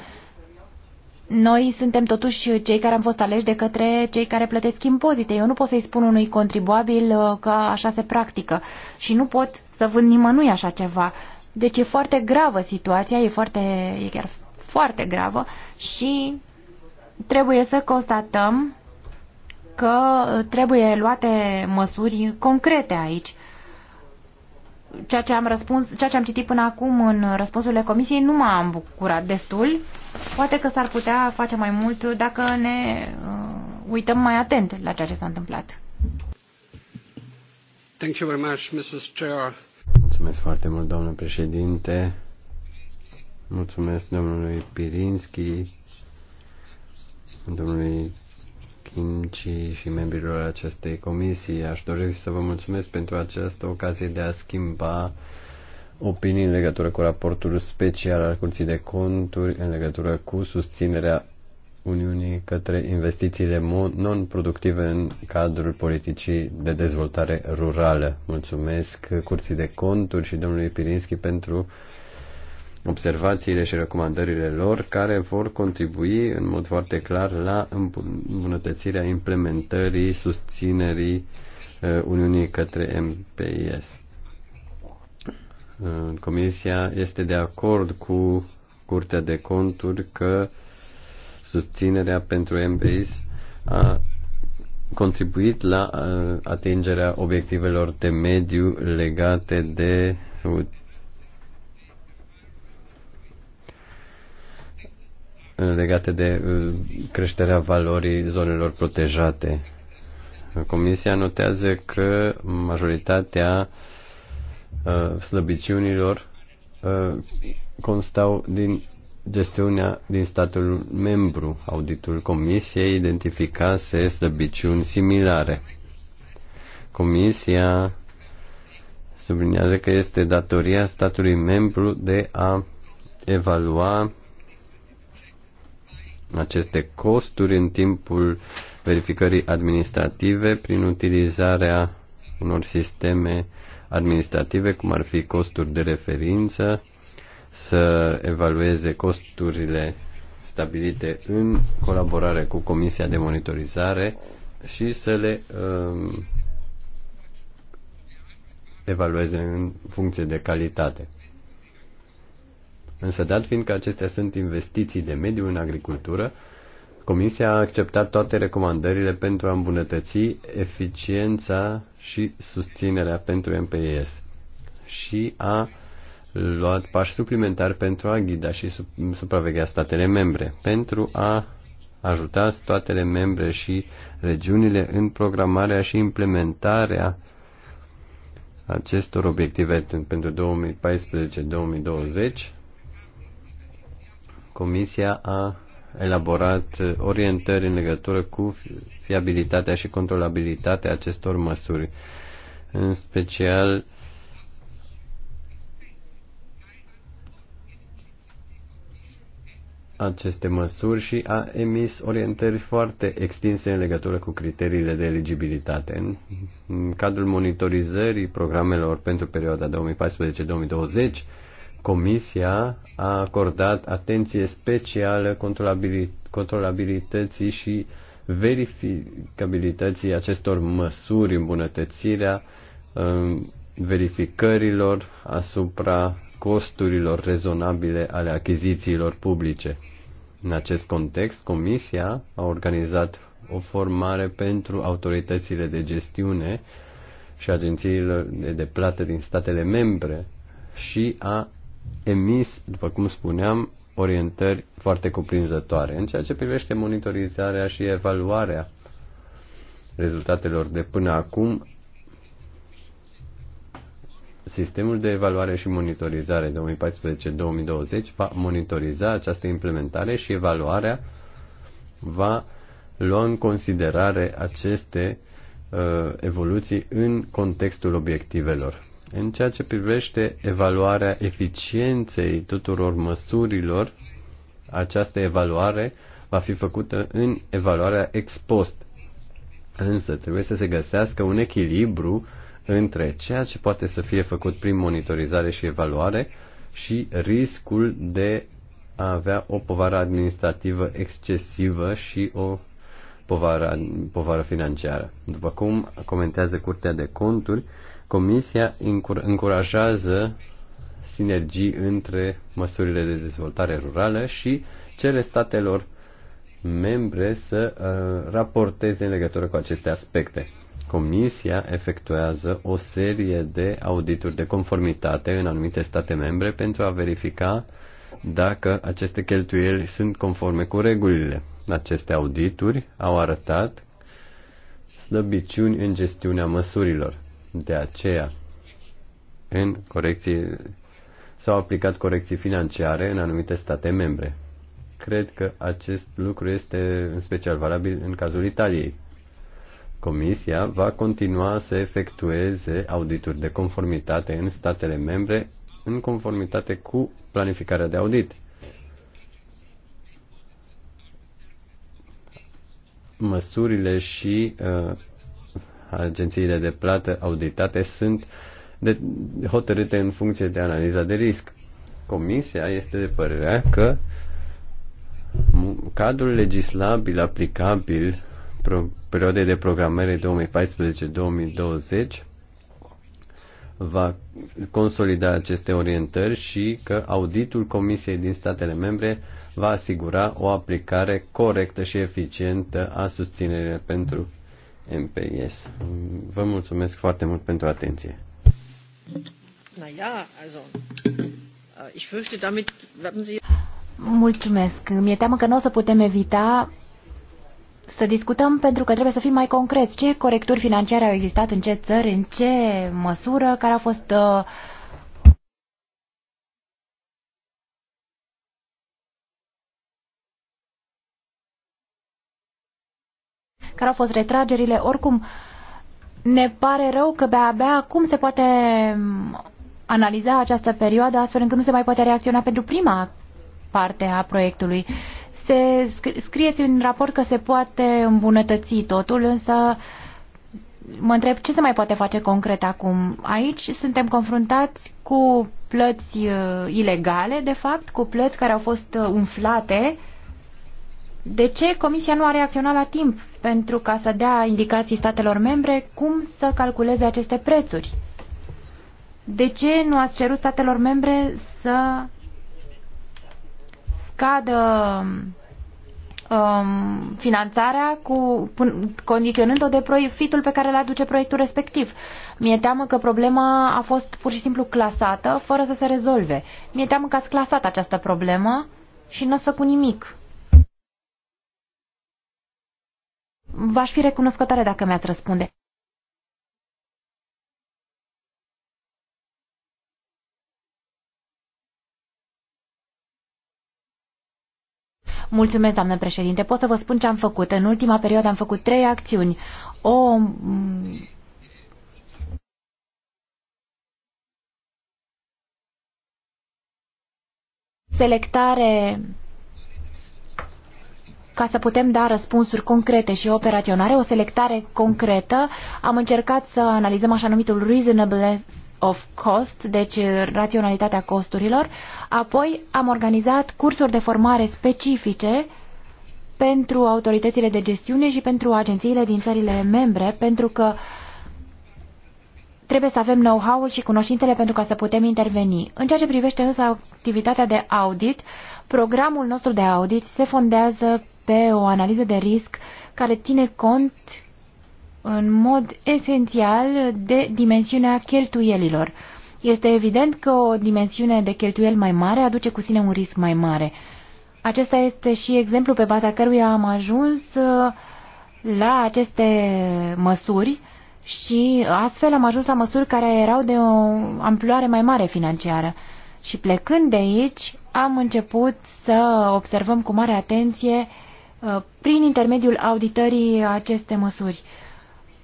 Noi suntem totuși cei care am fost aleși de către cei care plătesc impozite. Eu nu pot să-i spun unui contribuabil uh, că așa se practică și nu pot să vând nimănui așa ceva. Deci e foarte gravă situația, e foarte, e chiar foarte gravă și trebuie să constatăm că trebuie luate măsuri concrete aici. Ceea ce, am răspuns, ceea ce am citit până acum în răspunsurile comisiei nu m-am bucurat destul. Poate că s-ar putea face mai mult dacă ne uh, uităm mai atent la ceea ce s-a întâmplat. Thank you very much, Mrs. Chair. Mulțumesc foarte mult, doamnă președinte. Mulțumesc domnului Pirinski, domnului Kimci și membrilor acestei comisii. Aș dori să vă mulțumesc pentru această ocazie de a schimba opinii în legătură cu raportul special al Curții de Conturi în legătură cu susținerea Uniunii către investițiile non-productive în cadrul politicii de dezvoltare rurală. Mulțumesc Curții de Conturi și domnului Pirinski pentru observațiile și recomandările lor care vor contribui în mod foarte clar la îmbunătățirea implementării, susținerii uh, Uniunii către MPIS. Uh, Comisia este de acord cu Curtea de Conturi că susținerea pentru MPIS a contribuit la uh, atingerea obiectivelor de mediu legate de legate de uh, creșterea valorii zonelor protejate. Comisia notează că majoritatea uh, slăbiciunilor uh, constau din gestiunea din statul membru. Auditul Comisiei identificase slăbiciuni similare. Comisia subliniază că este datoria statului membru de a evalua aceste costuri în timpul verificării administrative prin utilizarea unor sisteme administrative, cum ar fi costuri de referință, să evalueze costurile stabilite în colaborare cu Comisia de Monitorizare și să le um, evalueze în funcție de calitate. Însă, dat fiind că acestea sunt investiții de mediu în agricultură, Comisia a acceptat toate recomandările pentru a îmbunătăți eficiența și susținerea pentru MPS și a luat pași suplimentari pentru a ghida și supraveghea statele membre, pentru a ajuta statele membre și regiunile în programarea și implementarea acestor obiective pentru 2014-2020 Comisia a elaborat orientări în legătură cu fiabilitatea și controlabilitatea acestor măsuri, în special aceste măsuri și a emis orientări foarte extinse în legătură cu criteriile de eligibilitate. În cadrul monitorizării programelor pentru perioada 2014-2020, Comisia a acordat atenție specială controlabilității și verificabilității acestor măsuri, îmbunătățirea um, verificărilor asupra costurilor rezonabile ale achizițiilor publice. În acest context, Comisia a organizat o formare pentru autoritățile de gestiune și agențiile de plată din statele membre și a emis, după cum spuneam, orientări foarte cuprinzătoare în ceea ce privește monitorizarea și evaluarea rezultatelor de până acum. Sistemul de evaluare și monitorizare 2014-2020 va monitoriza această implementare și evaluarea va lua în considerare aceste uh, evoluții în contextul obiectivelor. În ceea ce privește evaluarea eficienței tuturor măsurilor, această evaluare va fi făcută în evaluarea ex post. Însă trebuie să se găsească un echilibru între ceea ce poate să fie făcut prin monitorizare și evaluare și riscul de a avea o povară administrativă excesivă și o povară, povară financiară. După cum comentează Curtea de Conturi, Comisia încurajează sinergii între măsurile de dezvoltare rurală și cele statelor membre să uh, raporteze în legătură cu aceste aspecte. Comisia efectuează o serie de audituri de conformitate în anumite state membre pentru a verifica dacă aceste cheltuieli sunt conforme cu regulile. Aceste audituri au arătat slăbiciuni în gestiunea măsurilor. De aceea, în corecții, s-au aplicat corecții financiare în anumite state membre. Cred că acest lucru este în special valabil în cazul Italiei. Comisia va continua să efectueze audituri de conformitate în statele membre în conformitate cu planificarea de audit. Măsurile și uh, agențiile de plată auditate sunt de, hotărâte în funcție de analiza de risc. Comisia este de părerea că cadrul legislabil aplicabil pro, perioadei de programare 2014-2020 va consolida aceste orientări și că auditul Comisiei din statele membre va asigura o aplicare corectă și eficientă a susținerii pentru MPS. Vă mulțumesc foarte mult pentru atenție. Naja, also, äh, ich fürchte, damit werden Sie... Mulțumesc. Mi-e teamă că nu o să putem evita să discutăm pentru că trebuie să fim mai concreți. Ce corecturi financiare au existat în ce țări, în ce măsură, care au fost uh, care au fost retragerile. Oricum, ne pare rău că abia acum se poate mm, analiza această perioadă astfel încât nu se mai poate reacționa pentru prima parte a proiectului. Se scrieți în raport că se poate îmbunătăți totul, însă mă întreb ce se mai poate face concret acum. Aici suntem confruntați cu plăți uh, ilegale, de fapt, cu plăți care au fost uh, umflate uh, de ce Comisia nu a reacționat la timp pentru ca să dea indicații statelor membre cum să calculeze aceste prețuri? De ce nu ați cerut statelor membre să scadă um, finanțarea cu, condiționând-o de profitul pe care îl aduce proiectul respectiv. Mi-e teamă că problema a fost pur și simplu clasată fără să se rezolve. Mi-e teamă că ați clasat această problemă și nu ați făcut nimic. v-aș fi recunoscătoare dacă mi-ați răspunde. Mulțumesc, doamnă președinte. Pot să vă spun ce am făcut. În ultima perioadă am făcut trei acțiuni. O selectare ca să putem da răspunsuri concrete și operaționare, o selectare concretă. Am încercat să analizăm așa numitul reasonable of cost, deci raționalitatea costurilor. Apoi am organizat cursuri de formare specifice pentru autoritățile de gestiune și pentru agențiile din țările membre, pentru că trebuie să avem know-how-ul și cunoștințele pentru ca să putem interveni. În ceea ce privește însă activitatea de audit, programul nostru de audit se fondează pe o analiză de risc care ține cont în mod esențial de dimensiunea cheltuielilor. Este evident că o dimensiune de cheltuiel mai mare aduce cu sine un risc mai mare. Acesta este și exemplu pe baza căruia am ajuns uh, la aceste măsuri și astfel am ajuns la măsuri care erau de o amploare mai mare financiară. Și plecând de aici, am început să observăm cu mare atenție uh, Uh, prin intermediul auditării aceste măsuri.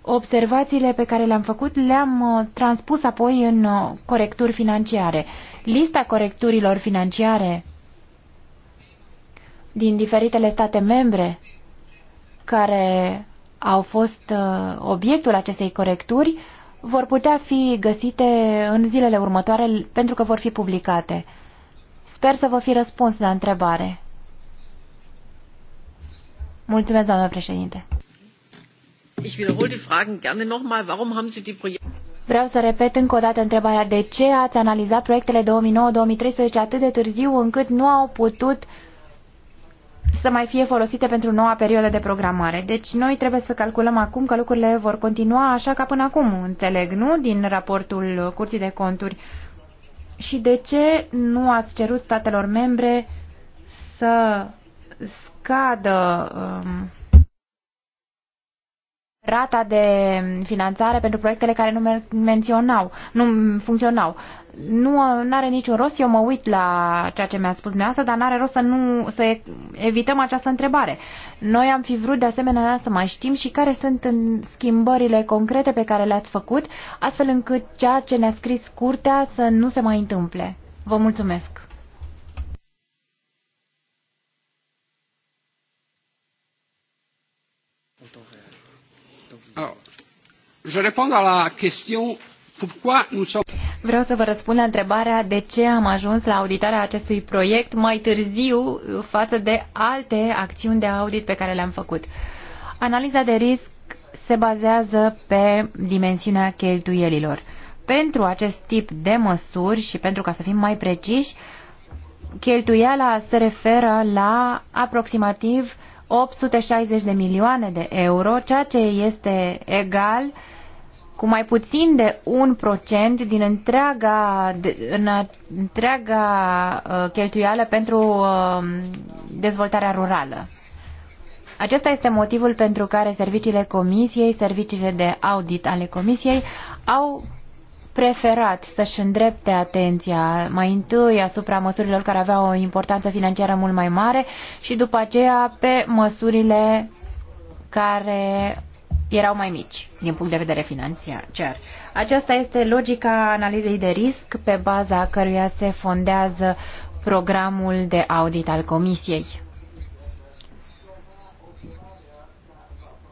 Observațiile pe care le-am făcut le-am uh, transpus apoi în uh, corecturi financiare. Lista corecturilor financiare din diferitele state membre care au fost obiectul acestei corecturi vor putea fi găsite în zilele următoare pentru că vor fi publicate. Sper să vă fi răspuns la întrebare. Mulțumesc, doamnă președinte. Ich wiederhole die Fragen gerne nochmal. Warum haben Sie die Projekte? Vreau să repet încă o dată întrebarea de ce ați analizat proiectele 2009-2013 atât de târziu încât nu au putut să mai fie folosite pentru noua perioadă de programare. Deci noi trebuie să calculăm acum că lucrurile vor continua așa ca până acum, înțeleg, nu? Din raportul Curții de Conturi. Și de ce nu ați cerut statelor membre să scadă um, rata de finanțare pentru proiectele care nu menționau, nu funcționau. Nu are niciun rost, eu mă uit la ceea ce mi-a spus dumneavoastră, dar n-are rost să, nu, să evităm această întrebare. Noi am fi vrut de asemenea să mai știm și care sunt în schimbările concrete pe care le-ați făcut, astfel încât ceea ce ne-a scris curtea să nu se mai întâmple. Vă mulțumesc! Je réponds à la question pourquoi nous sommes Vreau să vă răspund la întrebarea de ce am ajuns la auditarea acestui proiect mai târziu față de alte acțiuni de audit pe care le-am făcut. Analiza de risc se bazează pe dimensiunea cheltuielilor. Pentru acest tip de măsuri și pentru ca să fim mai preciși, cheltuiala se referă la aproximativ 860 de milioane de euro, ceea ce este egal uh, cu mai puțin de 1% din întreaga, de, în întreaga uh, cheltuială pentru uh, dezvoltarea rurală. Acesta este motivul pentru care serviciile comisiei, serviciile de audit ale comisiei au preferat să-și îndrepte atenția mai întâi asupra măsurilor care aveau o importanță financiară mult mai mare și după aceea pe măsurile care erau mai mici din punct de vedere financiar. Aceasta este logica analizei de risc pe baza căruia se fondează programul de audit al Comisiei.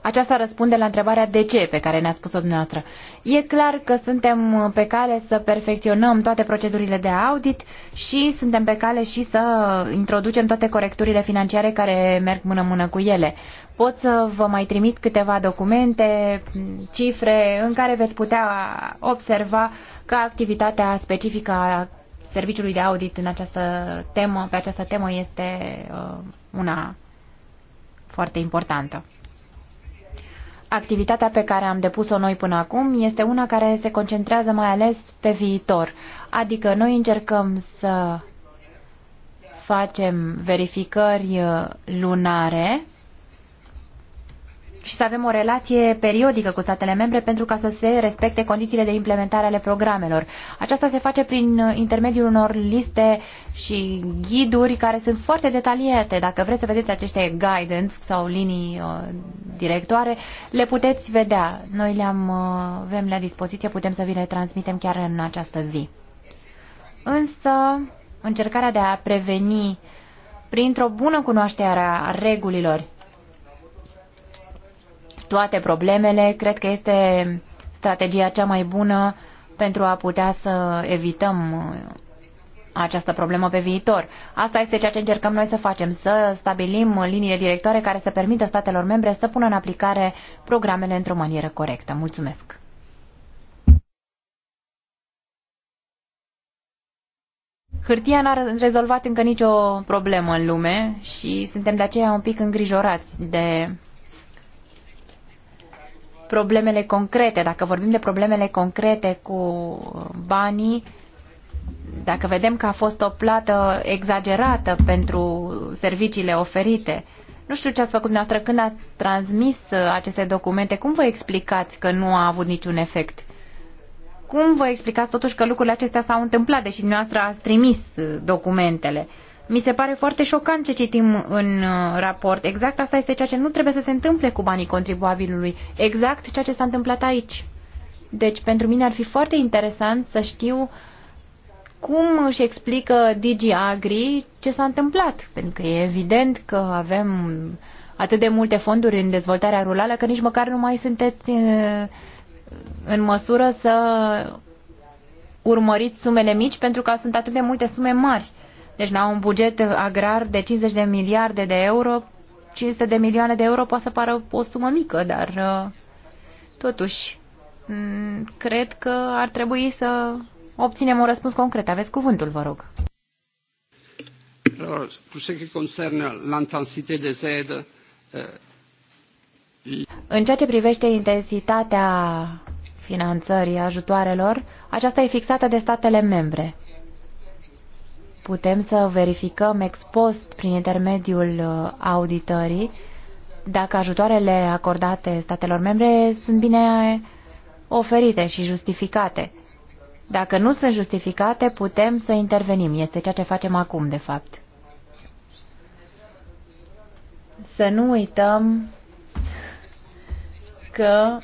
Aceasta răspunde la întrebarea de ce pe care ne a spus-o dumneavoastră. E clar că suntem pe cale să perfecționăm toate procedurile de audit și suntem pe cale și să introducem toate corecturile financiare care merg mână-mână cu ele. Pot să vă mai trimit câteva documente, cifre în care veți putea observa că activitatea specifică a serviciului de audit în această temă, pe această temă este uh, una foarte importantă activitatea pe care am depus-o noi până acum este una care se concentrează mai ales pe viitor. Adică noi încercăm să facem verificări uh, lunare și să avem o relație periodică cu statele membre pentru ca să se respecte condițiile de implementare ale programelor. Aceasta se face prin uh, intermediul unor liste și ghiduri care sunt foarte detaliate. Dacă vreți să vedeți aceste guidance sau linii uh, directoare, le puteți vedea. Noi le-am uh, avem la dispoziție, putem să vi le transmitem chiar în această zi. Însă, încercarea de a preveni printr-o bună cunoaștere a regulilor toate problemele. Cred că este strategia cea mai bună pentru a putea să evităm uh, această problemă pe viitor. Asta este ceea ce încercăm noi să facem, să stabilim liniile directoare care să permită statelor membre să pună în aplicare programele într-o manieră corectă. Mulțumesc! Hârtia n-a rezolvat încă nicio problemă în lume și suntem de aceea un pic îngrijorați de problemele concrete, dacă vorbim de problemele concrete cu banii, dacă vedem că a fost o plată exagerată pentru serviciile oferite, nu știu ce ați făcut dumneavoastră când ați transmis aceste documente, cum vă explicați că nu a avut niciun efect? Cum vă explicați totuși că lucrurile acestea s-au întâmplat, deși dumneavoastră ați trimis documentele? Uh, mi se pare foarte șocant ce citim în uh, raport. Exact asta este ceea ce nu trebuie să se întâmple cu banii contribuabilului. Exact ceea ce s-a întâmplat aici. Deci, pentru mine ar fi foarte interesant să știu cum își explică Digi Agri ce s-a întâmplat. Pentru că e evident că avem atât de multe fonduri în dezvoltarea rurală că nici măcar nu mai sunteți în, uh, în măsură să urmăriți sumele mici pentru că sunt atât de multe sume mari. Deci la un buget agrar de 50 de miliarde de euro, 500 de milioane de euro poate să pară o sumă mică, dar uh, totuși mm, cred că ar trebui să obținem un răspuns concret. Aveți cuvântul, vă rog. Uh, în ceea ce privește intensitatea finanțării ajutoarelor, aceasta e fixată de statele membre putem să verificăm ex post prin intermediul uh, auditării dacă ajutoarele acordate statelor membre sunt bine oferite și justificate. Dacă nu sunt justificate, putem să intervenim. Este ceea ce facem acum, de fapt. Să nu uităm că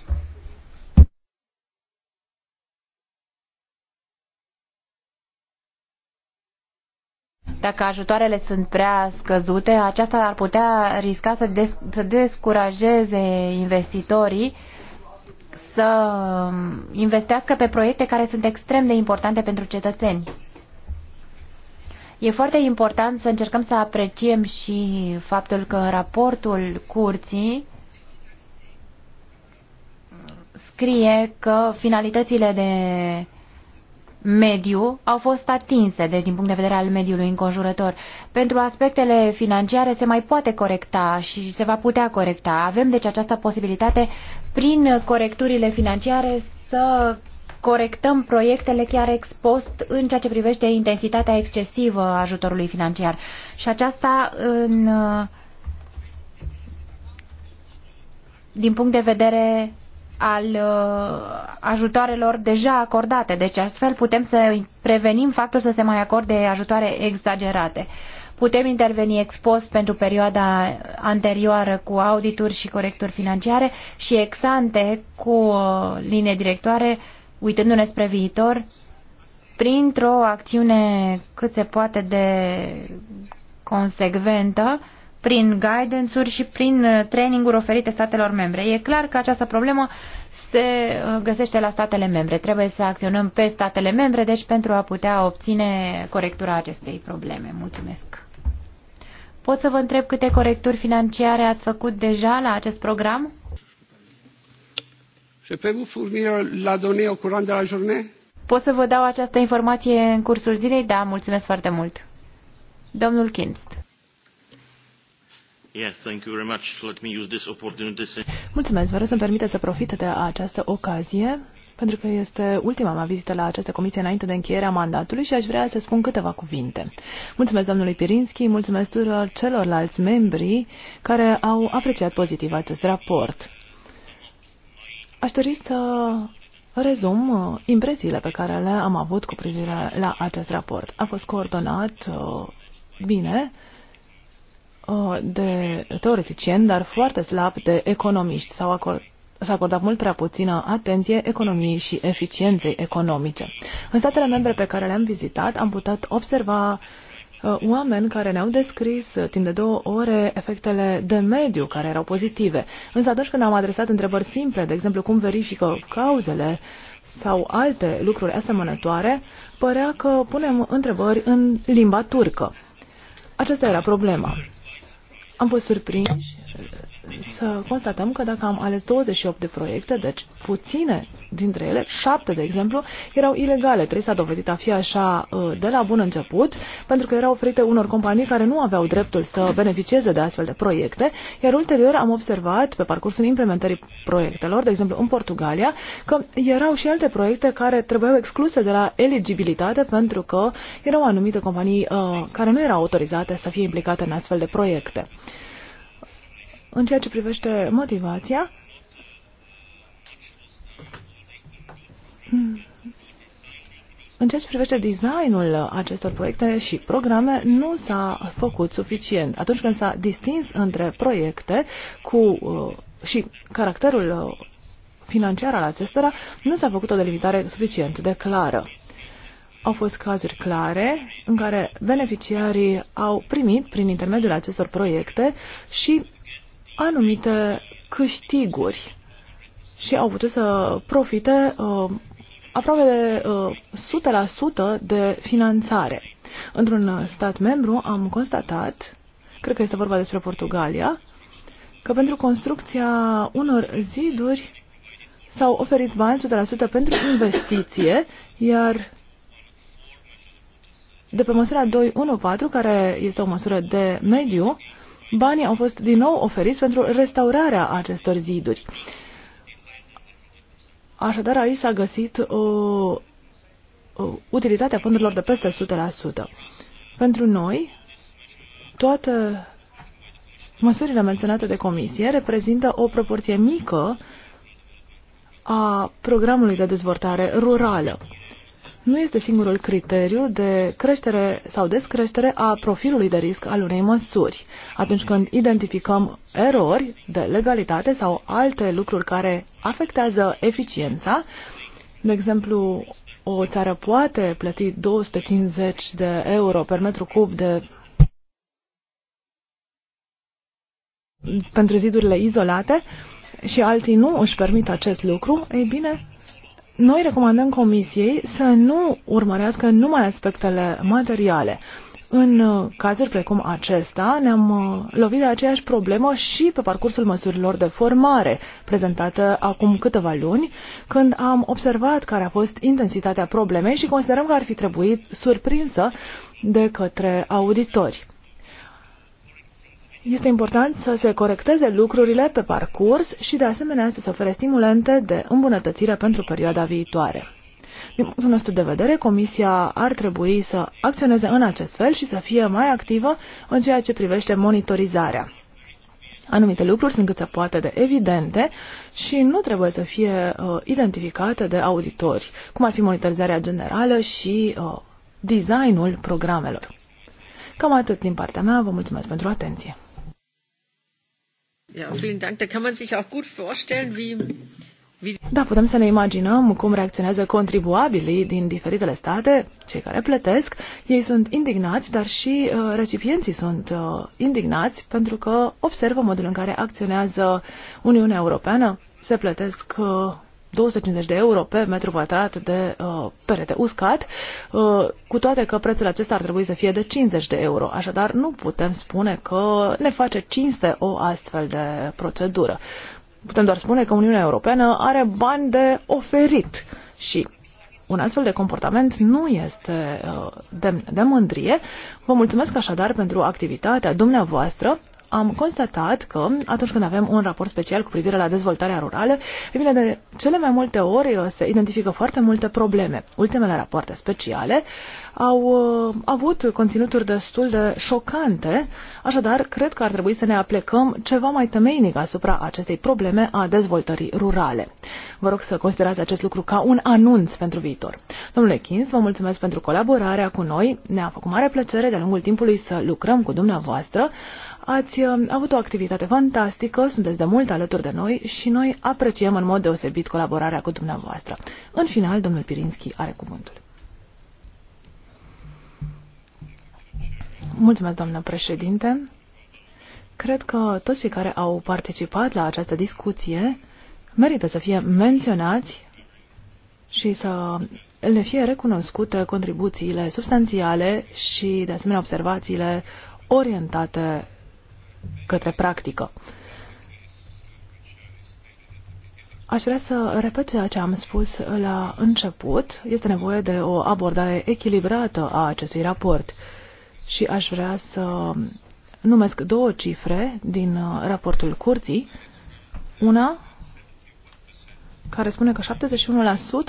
Dacă ajutoarele sunt prea scăzute, aceasta ar putea risca să, des- să descurajeze investitorii să investească pe proiecte care sunt extrem de importante pentru cetățeni. E foarte important să încercăm să apreciem și faptul că în raportul curții scrie că finalitățile de mediu au fost atinse, deci din punct de vedere al mediului înconjurător. Pentru aspectele financiare se mai poate corecta și se va putea corecta. Avem deci această posibilitate prin corecturile financiare să corectăm proiectele chiar expost în ceea ce privește intensitatea excesivă a ajutorului financiar. Și aceasta în, din punct de vedere al uh, ajutoarelor deja acordate. Deci astfel putem să prevenim faptul să se mai acorde ajutoare exagerate. Putem interveni ex post pentru perioada anterioară cu audituri și corecturi financiare și ex ante cu uh, linie directoare, uitându-ne spre viitor, printr-o acțiune cât se poate de consecventă prin guidance-uri și prin uh, training-uri oferite statelor membre. E clar că această problemă se uh, găsește la statele membre. Trebuie să acționăm pe statele membre, deci pentru a putea obține corectura acestei probleme. Mulțumesc! Pot să vă întreb câte corecturi financiare ați făcut deja la acest program? Je peux vous la donnée au de la jurne. Pot să vă dau această informație în cursul zilei? Da, mulțumesc foarte mult. Domnul Kinst. Mulțumesc, vă rog să-mi permiteți să profit de această ocazie, pentru că este ultima mea vizită la această comisie înainte de încheierea mandatului și aș vrea să spun câteva cuvinte. Mulțumesc domnului Pirinski, mulțumesc tuturor celorlalți membri care au apreciat pozitiv acest raport. Aș dori să rezum uh, impresiile pe care le-am avut cu privire la acest raport. A fost coordonat uh, bine, Uh, de teoreticieni, dar foarte slab de economiști. s a acord, acordat mult prea puțină atenție economiei și eficienței economice. În statele membre pe care le-am vizitat, am putut observa uh, oameni care ne-au descris uh, timp de două ore efectele de mediu care erau pozitive. Însă atunci când am adresat întrebări simple, de exemplu cum verifică cauzele sau alte lucruri asemănătoare, părea că punem întrebări în limba turcă. Aceasta era problema. Am fost surprinși să constatăm că dacă am ales 28 de proiecte, deci puține dintre ele, șapte de exemplu, erau ilegale. Trebuie s-a dovedit a fi așa ă, de la bun început, pentru că erau oferite unor companii care nu aveau dreptul să beneficieze de astfel de proiecte, iar ulterior am observat pe parcursul implementării proiectelor, de exemplu în Portugalia, că erau și alte proiecte care trebuiau excluse de la eligibilitate pentru că erau anumite companii uh, care nu erau autorizate să fie implicate în astfel de proiecte. În ceea ce privește motivația, în ceea ce privește designul acestor proiecte și programe, nu s-a făcut suficient. Atunci când s-a distins între proiecte cu, uh, și caracterul uh, financiar al acestora, nu s-a făcut o delimitare suficient de clară. Au fost cazuri clare în care beneficiarii au primit, prin intermediul acestor proiecte, și anumite câștiguri și au putut să profite uh, aproape de uh, 100% de finanțare. Într-un stat membru am constatat, cred că este vorba despre Portugalia, că pentru construcția unor ziduri s-au oferit bani 100% pentru investiție, iar de pe măsura 2.1.4, care este o măsură de mediu, banii au fost din nou oferiți pentru restaurarea acestor ziduri. Așadar, aici s-a găsit o, uh, o uh, utilitate a fondurilor de peste 100%. Pentru noi, toate măsurile menționate de comisie reprezintă o proporție mică a programului de dezvoltare rurală nu este singurul criteriu de creștere sau descreștere a profilului de risc al unei măsuri. Atunci când identificăm erori de legalitate sau alte lucruri care afectează eficiența, de exemplu, o țară poate plăti 250 de euro per metru cub de pentru zidurile izolate și alții nu își permit acest lucru, ei bine, noi recomandăm Comisiei să nu urmărească numai aspectele materiale. În uh, cazuri precum acesta, ne-am uh, lovit de aceeași problemă și pe parcursul măsurilor de formare prezentată acum câteva luni, când am observat care a fost intensitatea problemei și considerăm că ar fi trebuit surprinsă de către auditori este important să se corecteze lucrurile pe parcurs și, de asemenea, să se ofere stimulente de îmbunătățire pentru perioada viitoare. Din punctul nostru de vedere, Comisia ar trebui să acționeze în acest fel și să fie mai activă în ceea ce privește monitorizarea. Anumite lucruri sunt cât se poate de evidente și nu trebuie să fie uh, identificate de auditori, cum ar fi monitorizarea generală și uh, designul programelor. Cam atât din partea mea, vă mulțumesc pentru atenție. Da da, putem să ne imaginăm cum reacționează contribuabilii din diferitele state, cei care plătesc. Ei sunt indignați, dar și uh, recipienții sunt uh, indignați pentru că observă modul în care acționează Uniunea Europeană. Se plătesc uh, 250 de euro pe metru pătrat de uh, perete uscat, uh, cu toate că prețul acesta ar trebui să fie de 50 de euro. Așadar, nu putem spune că ne face cinste o astfel de procedură. Putem doar spune că Uniunea Europeană are bani de oferit și un astfel de comportament nu este uh, demn de mândrie. Vă mulțumesc așadar pentru activitatea dumneavoastră am constatat că atunci când avem un raport special cu privire la dezvoltarea rurală, e bine, de cele mai multe ori uh, se identifică foarte multe probleme. Ultimele rapoarte speciale au uh, avut conținuturi destul de șocante, așadar cred că ar trebui să ne aplecăm ceva mai temeinic asupra acestei probleme a dezvoltării rurale. Vă rog să considerați acest lucru ca un anunț pentru viitor. Domnule Kins, vă mulțumesc pentru colaborarea cu noi. Ne-a făcut mare plăcere de-a lungul timpului să lucrăm cu dumneavoastră. Ați uh, avut o activitate fantastică, sunteți de mult alături de noi și noi apreciem în mod deosebit colaborarea cu dumneavoastră. În final, domnul Pirinski are cuvântul. Mulțumesc, doamnă președinte. Cred că toți cei care au participat la această discuție merită să fie menționați și să le fie recunoscute contribuțiile substanțiale și, de asemenea, observațiile orientate către practică. Aș vrea să repet ceea ce am spus la început. Este nevoie de o abordare echilibrată a acestui raport și aș vrea să numesc două cifre din uh, raportul curții. Una care spune că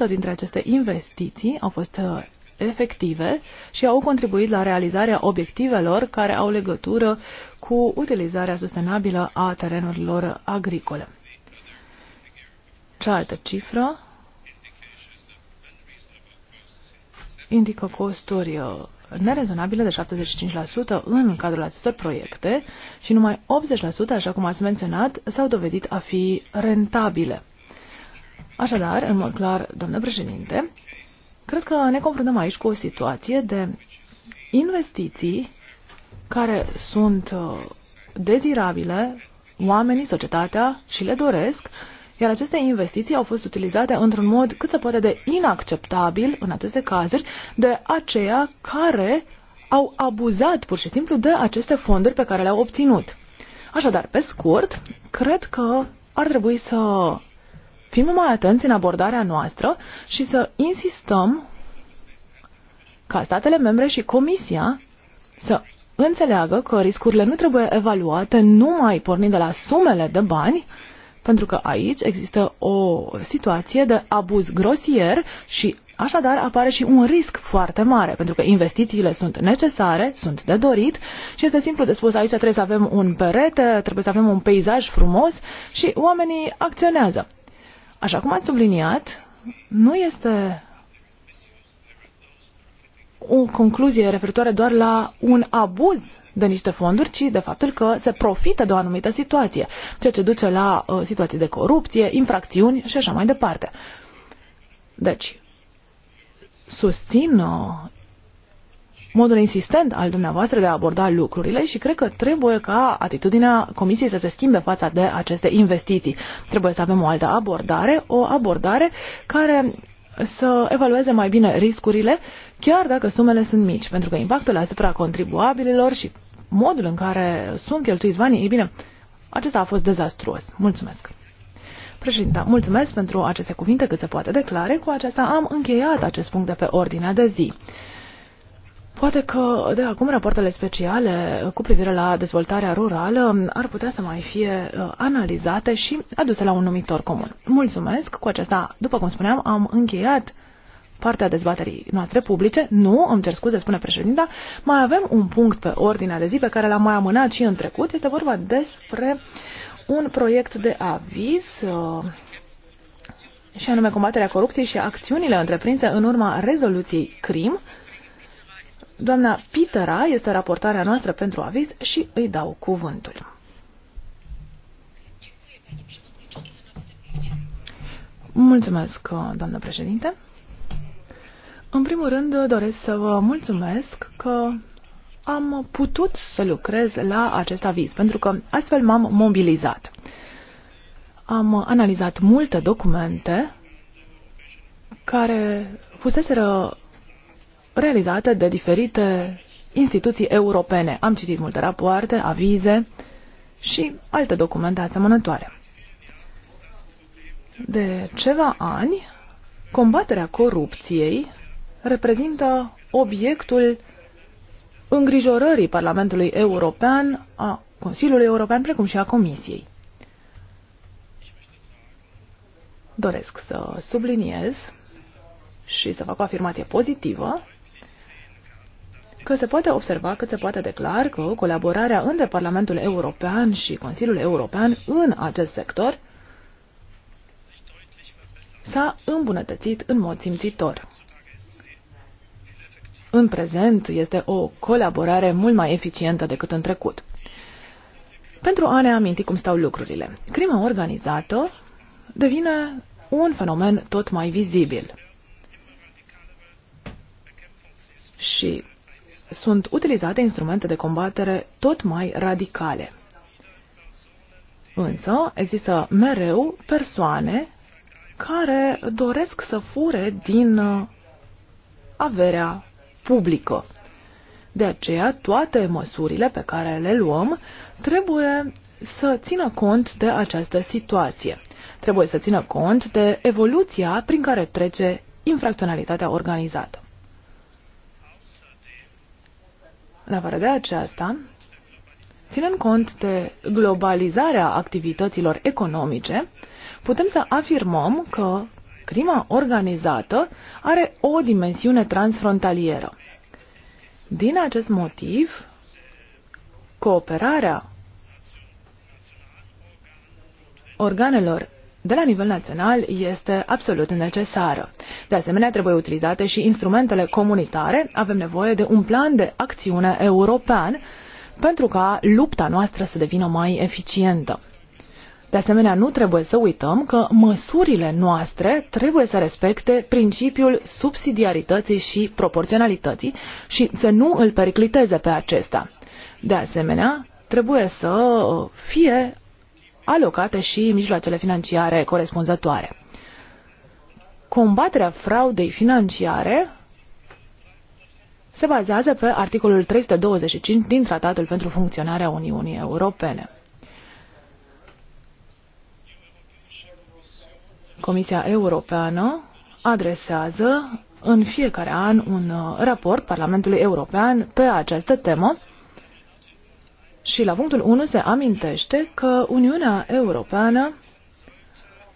71% dintre aceste investiții au fost uh, efective și au contribuit la realizarea obiectivelor care au legătură cu utilizarea sustenabilă a terenurilor agricole. Cealaltă cifră indică costuri uh, nerezonabile de 75% în cadrul acestor proiecte și numai 80%, așa cum ați menționat, s-au dovedit a fi rentabile. Așadar, în mod clar, domnule președinte, Cred că ne confruntăm aici cu o situație de investiții care sunt uh, dezirabile, oamenii, societatea și le doresc, iar aceste investiții au fost utilizate într-un mod cât se poate de inacceptabil în aceste cazuri de aceia care au abuzat pur și simplu de aceste fonduri pe care le-au obținut. Așadar, pe scurt, cred că ar trebui să fim mai atenți în abordarea noastră și să insistăm ca statele membre și Comisia să înțeleagă că riscurile nu trebuie evaluate numai pornind de la sumele de bani, pentru că aici există o situație de abuz grosier și așadar apare și un risc foarte mare, pentru că investițiile sunt necesare, sunt de dorit și este simplu de spus, aici trebuie să avem un perete, trebuie să avem un peisaj frumos și oamenii acționează. Așa cum ați subliniat, nu este o concluzie referitoare doar la un abuz de niște fonduri, ci de faptul că se profită de o anumită situație, ceea ce duce la uh, situații de corupție, infracțiuni și așa mai departe. Deci, susțin uh, modul insistent al dumneavoastră de a aborda lucrurile și cred că trebuie ca atitudinea Comisiei să se schimbe față de aceste investiții. Trebuie să avem o altă abordare, o abordare care să evalueze mai bine riscurile, chiar dacă sumele sunt mici, pentru că impactul asupra contribuabililor și modul în care sunt cheltuiți banii, ei bine, acesta a fost dezastruos. Mulțumesc! Președinta, mulțumesc pentru aceste cuvinte cât se poate declare. Cu aceasta am încheiat acest punct de pe ordinea de zi. Poate că de acum rapoartele speciale cu privire la dezvoltarea rurală ar putea să mai fie uh, analizate și aduse la un numitor comun. Mulțumesc! Cu acesta, după cum spuneam, am încheiat partea dezbaterii noastre publice. Nu, îmi cer scuze, spune președinta, mai avem un punct pe ordinea de zi pe care l-am mai amânat și în trecut. Este vorba despre un proiect de aviz uh, și anume combaterea corupției și acțiunile întreprinse în urma rezoluției CRIM Doamna Pitera este raportarea noastră pentru aviz și îi dau cuvântul. Mulțumesc, doamnă președinte. În primul rând, doresc să vă mulțumesc că am putut să lucrez la acest aviz, pentru că astfel m-am mobilizat. Am analizat multe documente care fuseseră realizate de diferite instituții europene. Am citit multe rapoarte, avize și alte documente asemănătoare. De ceva ani, combaterea corupției reprezintă obiectul îngrijorării Parlamentului European, a Consiliului European, precum și a Comisiei. Doresc să subliniez și să fac o afirmație pozitivă că se poate observa cât se poate declar că colaborarea între Parlamentul European și Consiliul European în acest sector s-a îmbunătățit în mod simțitor. În prezent este o colaborare mult mai eficientă decât în trecut. Pentru a ne aminti cum stau lucrurile, crima organizată devine un fenomen tot mai vizibil. Și sunt utilizate instrumente de combatere tot mai radicale. Însă există mereu persoane care doresc să fure din uh, averea publică. De aceea, toate măsurile pe care le luăm trebuie să țină cont de această situație. Trebuie să țină cont de evoluția prin care trece infracționalitatea organizată. În afară de aceasta, ținând cont de globalizarea activităților economice, putem să afirmăm că crima organizată are o dimensiune transfrontalieră. Din acest motiv, cooperarea organelor de la nivel național este absolut necesară. De asemenea, trebuie utilizate și instrumentele comunitare. Avem nevoie de un plan de acțiune european pentru ca lupta noastră să devină mai eficientă. De asemenea, nu trebuie să uităm că măsurile noastre trebuie să respecte principiul subsidiarității și proporționalității și să nu îl pericliteze pe acesta. De asemenea, trebuie să fie alocate și mijloacele financiare corespunzătoare. Combaterea fraudei financiare se bazează pe articolul 325 din Tratatul pentru funcționarea Uniunii Europene. Comisia Europeană adresează în fiecare an un uh, raport Parlamentului European pe această temă și la punctul 1 se amintește că Uniunea Europeană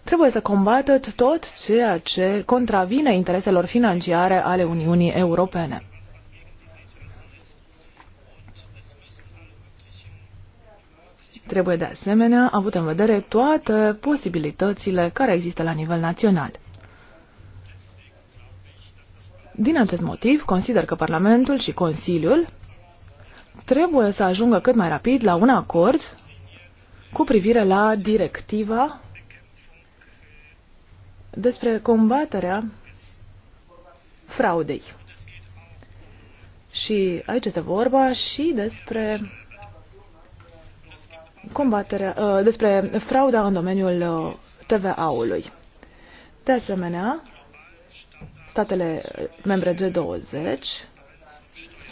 trebuie să combată tot ceea ce contravine intereselor financiare ale Uniunii Europene. Trebuie de asemenea avut în vedere toate posibilitățile care există la nivel național. Din acest motiv, consider că Parlamentul și Consiliul trebuie să ajungă cât mai rapid la un acord cu privire la directiva despre combaterea fraudei. Și aici este vorba și despre combaterea, ă, despre frauda în domeniul ă, TVA-ului. De asemenea, statele membre G20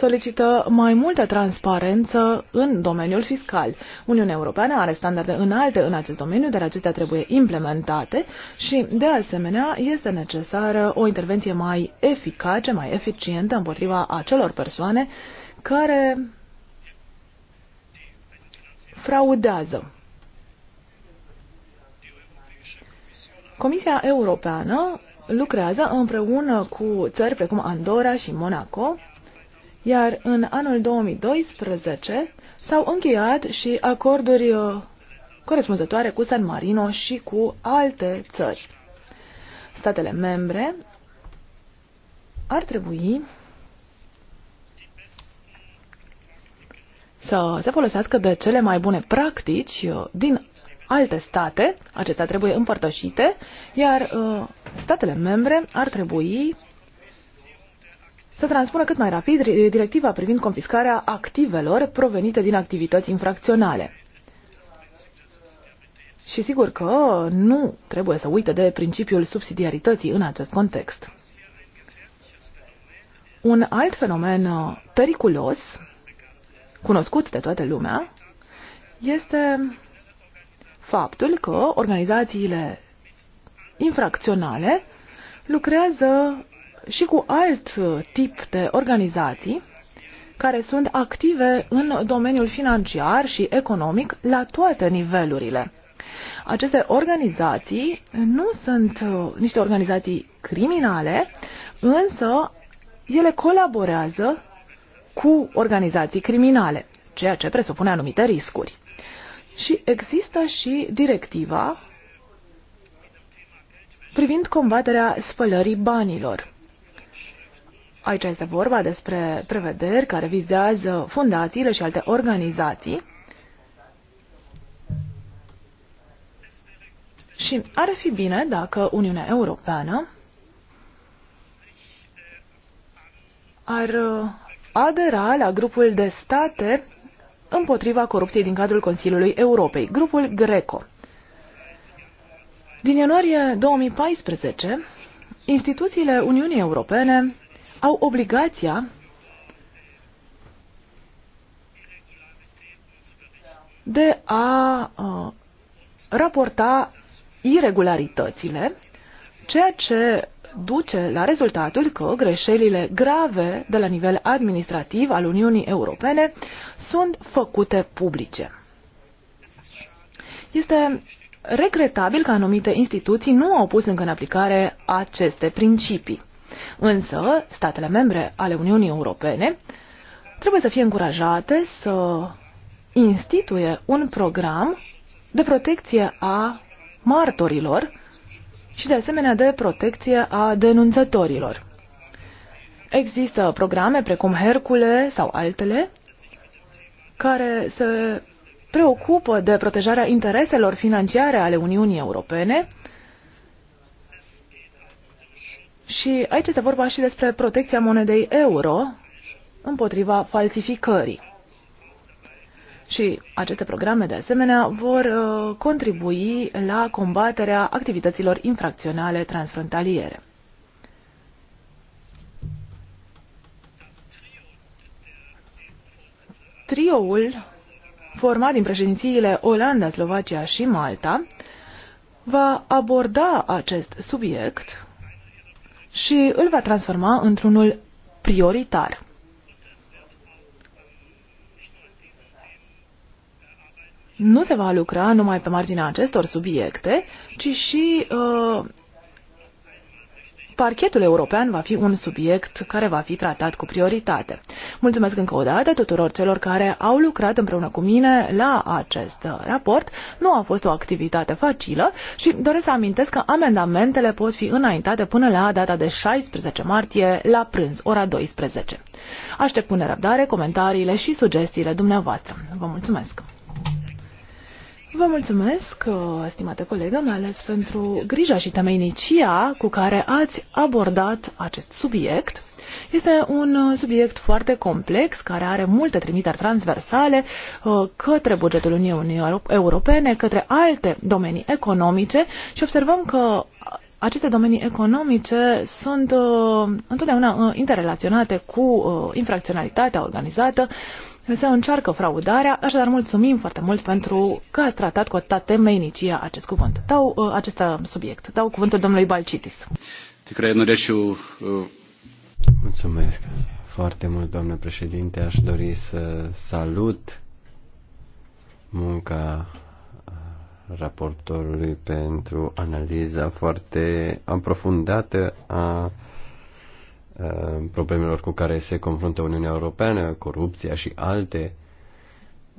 solicită mai multă transparență în domeniul fiscal. Uniunea Europeană are standarde înalte în acest domeniu, dar acestea trebuie implementate și, de asemenea, este necesară o intervenție mai eficace, mai eficientă împotriva acelor persoane care fraudează. Comisia Europeană lucrează împreună cu țări precum Andorra și Monaco iar în anul 2012 s-au încheiat și acorduri uh, corespunzătoare cu San Marino și cu alte țări. Statele membre ar trebui să se folosească de cele mai bune practici uh, din alte state, acestea trebuie împărtășite, iar uh, statele membre ar trebui să transpună cât mai rapid directiva privind confiscarea activelor provenite din activități infracționale. Și sigur că nu trebuie să uită de principiul subsidiarității în acest context. Un alt fenomen uh, periculos, cunoscut de toată lumea, este faptul că organizațiile infracționale lucrează și cu alt tip de organizații care sunt active în domeniul financiar și economic la toate nivelurile. Aceste organizații nu sunt uh, niște organizații criminale, însă ele colaborează cu organizații criminale, ceea ce presupune anumite riscuri. Și există și directiva privind combaterea spălării banilor. Aici este vorba despre prevederi care vizează fundațiile și alte organizații Și ar fi bine dacă Uniunea Europeană ar uh, adera la grupul de state împotriva corupției din cadrul Consiliului Europei, grupul Greco. Din ianuarie 2014, instituțiile Uniunii Europene au obligația de a uh, raporta irregularitățile, ceea ce duce la rezultatul că greșelile grave de la nivel administrativ al Uniunii Europene sunt făcute publice. Este regretabil că anumite instituții nu au pus încă în aplicare aceste principii. Însă, statele membre ale Uniunii Europene trebuie să fie încurajate să instituie un program de protecție a martorilor și de asemenea de protecție a denunțătorilor. Există programe precum Hercule sau altele care se preocupă de protejarea intereselor financiare ale Uniunii Europene Și aici este vorba și despre protecția monedei euro împotriva falsificării. Și aceste programe, de asemenea, vor uh, contribui la combaterea activităților infracționale transfrontaliere. Trioul, format din președințiile Olanda, Slovacia și Malta, va aborda acest subiect și îl va transforma într-unul prioritar. Nu se va lucra numai pe marginea acestor subiecte, ci și uh, parchetul european va fi un subiect care va fi tratat cu prioritate. Mulțumesc încă o dată tuturor celor care au lucrat împreună cu mine la acest raport. Nu a fost o activitate facilă și doresc să amintesc că amendamentele pot fi înaintate până la data de 16 martie la prânz, ora 12. Aștept cu nerăbdare comentariile și sugestiile dumneavoastră. Vă mulțumesc! Vă mulțumesc, uh, stimate colegă, mai ales pentru grija și temeinicia cu care ați abordat acest subiect. Este un uh, subiect foarte complex, care are multe trimiteri transversale uh, către bugetul Uniunii Europene, către alte domenii economice și observăm că aceste domenii economice sunt întotdeauna interrelaționate cu infracționalitatea organizată, se încearcă fraudarea, așadar mulțumim foarte mult pentru că ați tratat cu atâta temeinicia acest cuvânt. Dau uh, acest uh, subiect. Dau cuvântul domnului Balcitis. Uh, Mulțumesc foarte mult, doamnă președinte. Aș dori să salut munca raportorului pentru analiza foarte aprofundată a Uh, problemelor cu care se confruntă Uniunea Europeană, corupția și alte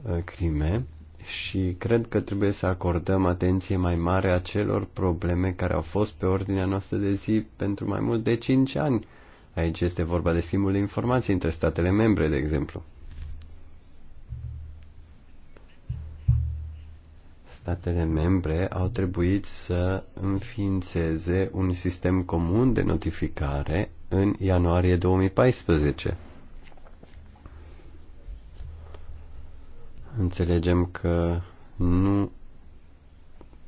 uh, crime și cred că trebuie să acordăm atenție mai mare acelor probleme care au fost pe ordinea noastră de zi pentru mai mult de 5 ani. Aici este vorba de schimbul de informații între statele membre, de exemplu. Statele membre au trebuit să înființeze un sistem comun de notificare în ianuarie 2014. Înțelegem că nu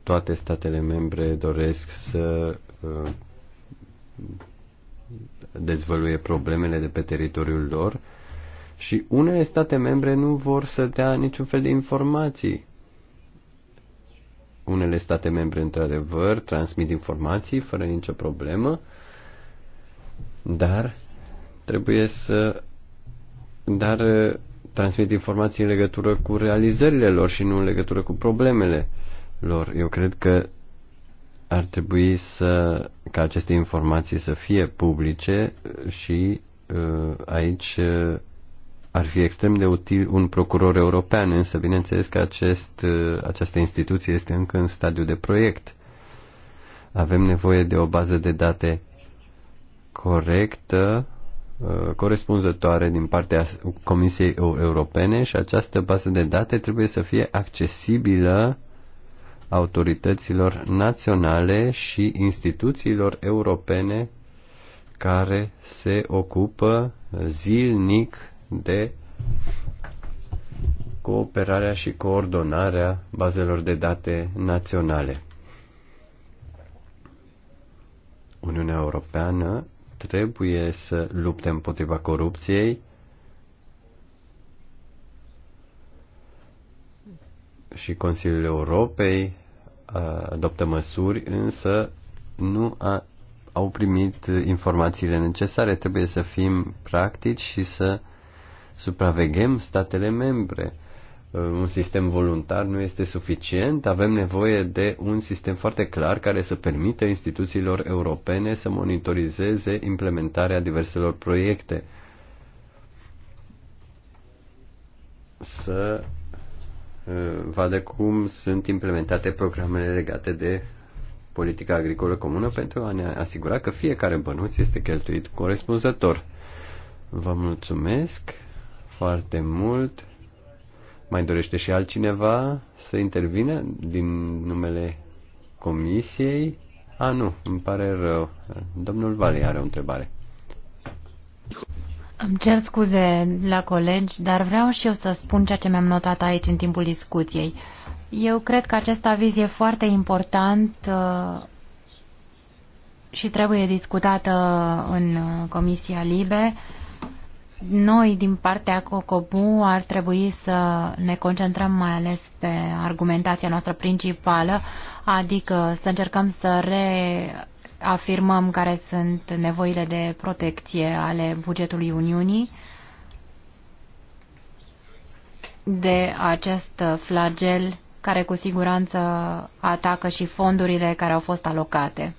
toate statele membre doresc să uh, dezvăluie problemele de pe teritoriul lor și unele state membre nu vor să dea niciun fel de informații. Unele state membre, într-adevăr, transmit informații fără nicio problemă, dar trebuie să dar uh, transmit informații în legătură cu realizările lor și nu în legătură cu problemele lor. Eu cred că ar trebui să ca aceste informații să fie publice și uh, aici uh, ar fi extrem de util un procuror european, însă bineînțeles că acest, această instituție este încă în stadiu de proiect. Avem nevoie de o bază de date corectă, uh, corespunzătoare din partea Comisiei Europene și această bază de date trebuie să fie accesibilă autorităților naționale și instituțiilor europene care se ocupă zilnic de cooperarea și coordonarea bazelor de date naționale. Uniunea Europeană trebuie să lupte împotriva corupției și Consiliul Europei uh, adoptă măsuri, însă nu a, au primit informațiile necesare. Trebuie să fim practici și să supraveghem statele membre Uh, un sistem voluntar nu este suficient, avem nevoie de un sistem foarte clar care să permită instituțiilor europene să monitorizeze implementarea diverselor proiecte. Să uh, vadă cum sunt implementate programele legate de politica agricolă comună pentru a ne asigura că fiecare bănuț este cheltuit corespunzător. Vă mulțumesc foarte mult mai dorește și altcineva să intervină din numele comisiei? A, nu, îmi pare rău. Domnul Vali are o întrebare. Îmi cer scuze la colegi, dar vreau și eu să spun ceea ce mi-am notat aici în timpul discuției. Eu cred că acest aviz e foarte important uh, și trebuie discutată în uh, Comisia Libe noi din partea COCOBU ar trebui să ne concentrăm mai ales pe argumentația noastră principală, adică să încercăm să reafirmăm care sunt nevoile de protecție ale bugetului Uniunii de acest flagel care cu siguranță atacă și fondurile care au fost alocate.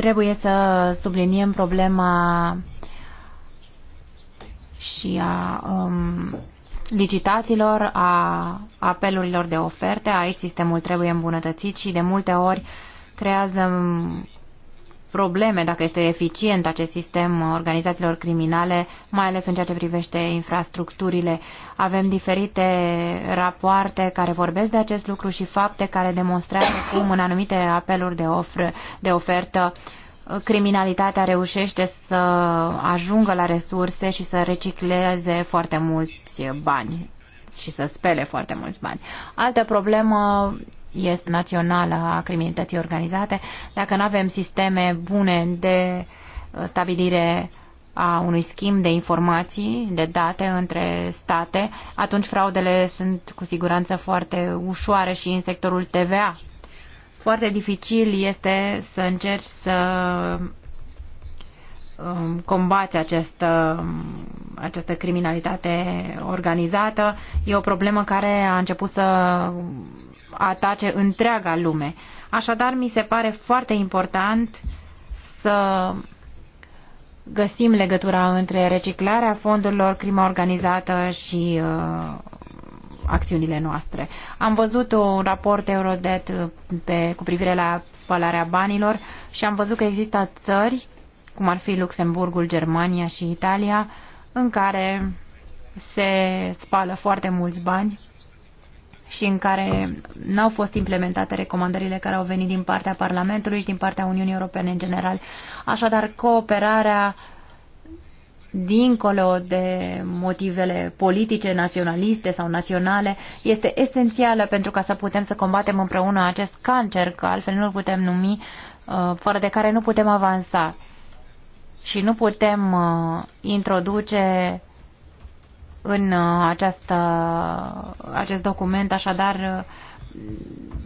Trebuie să subliniem problema și a um, licitațiilor, a apelurilor de oferte. Aici sistemul trebuie îmbunătățit și de multe ori creează probleme dacă este eficient acest sistem organizațiilor criminale, mai ales în ceea ce privește infrastructurile. Avem diferite rapoarte care vorbesc de acest lucru și fapte care demonstrează cum în anumite apeluri de, ofră, de ofertă criminalitatea reușește să ajungă la resurse și să recicleze foarte mulți bani și să spele foarte mulți bani. Altă problemă este națională a criminalității organizate. Dacă nu avem sisteme bune de uh, stabilire a unui schimb de informații, de date între state, atunci fraudele sunt cu siguranță foarte ușoare și în sectorul TVA. Foarte dificil este să încerci să Um, combate această, um, această criminalitate organizată. E o problemă care a început să atace întreaga lume. Așadar, mi se pare foarte important să găsim legătura între reciclarea fondurilor, crima organizată și uh, acțiunile noastre. Am văzut un raport Eurodet pe, cu privire la spălarea banilor și am văzut că există țări cum ar fi Luxemburgul, Germania și Italia, în care se spală foarte mulți bani și în care n-au fost implementate recomandările care au venit din partea Parlamentului și din partea Uniunii Europene în general. Așadar, cooperarea dincolo de motivele politice, naționaliste sau naționale, este esențială pentru ca să putem să combatem împreună acest cancer, că altfel nu-l putem numi, uh, fără de care nu putem avansa și nu putem uh, introduce în uh, această, acest document, așadar uh,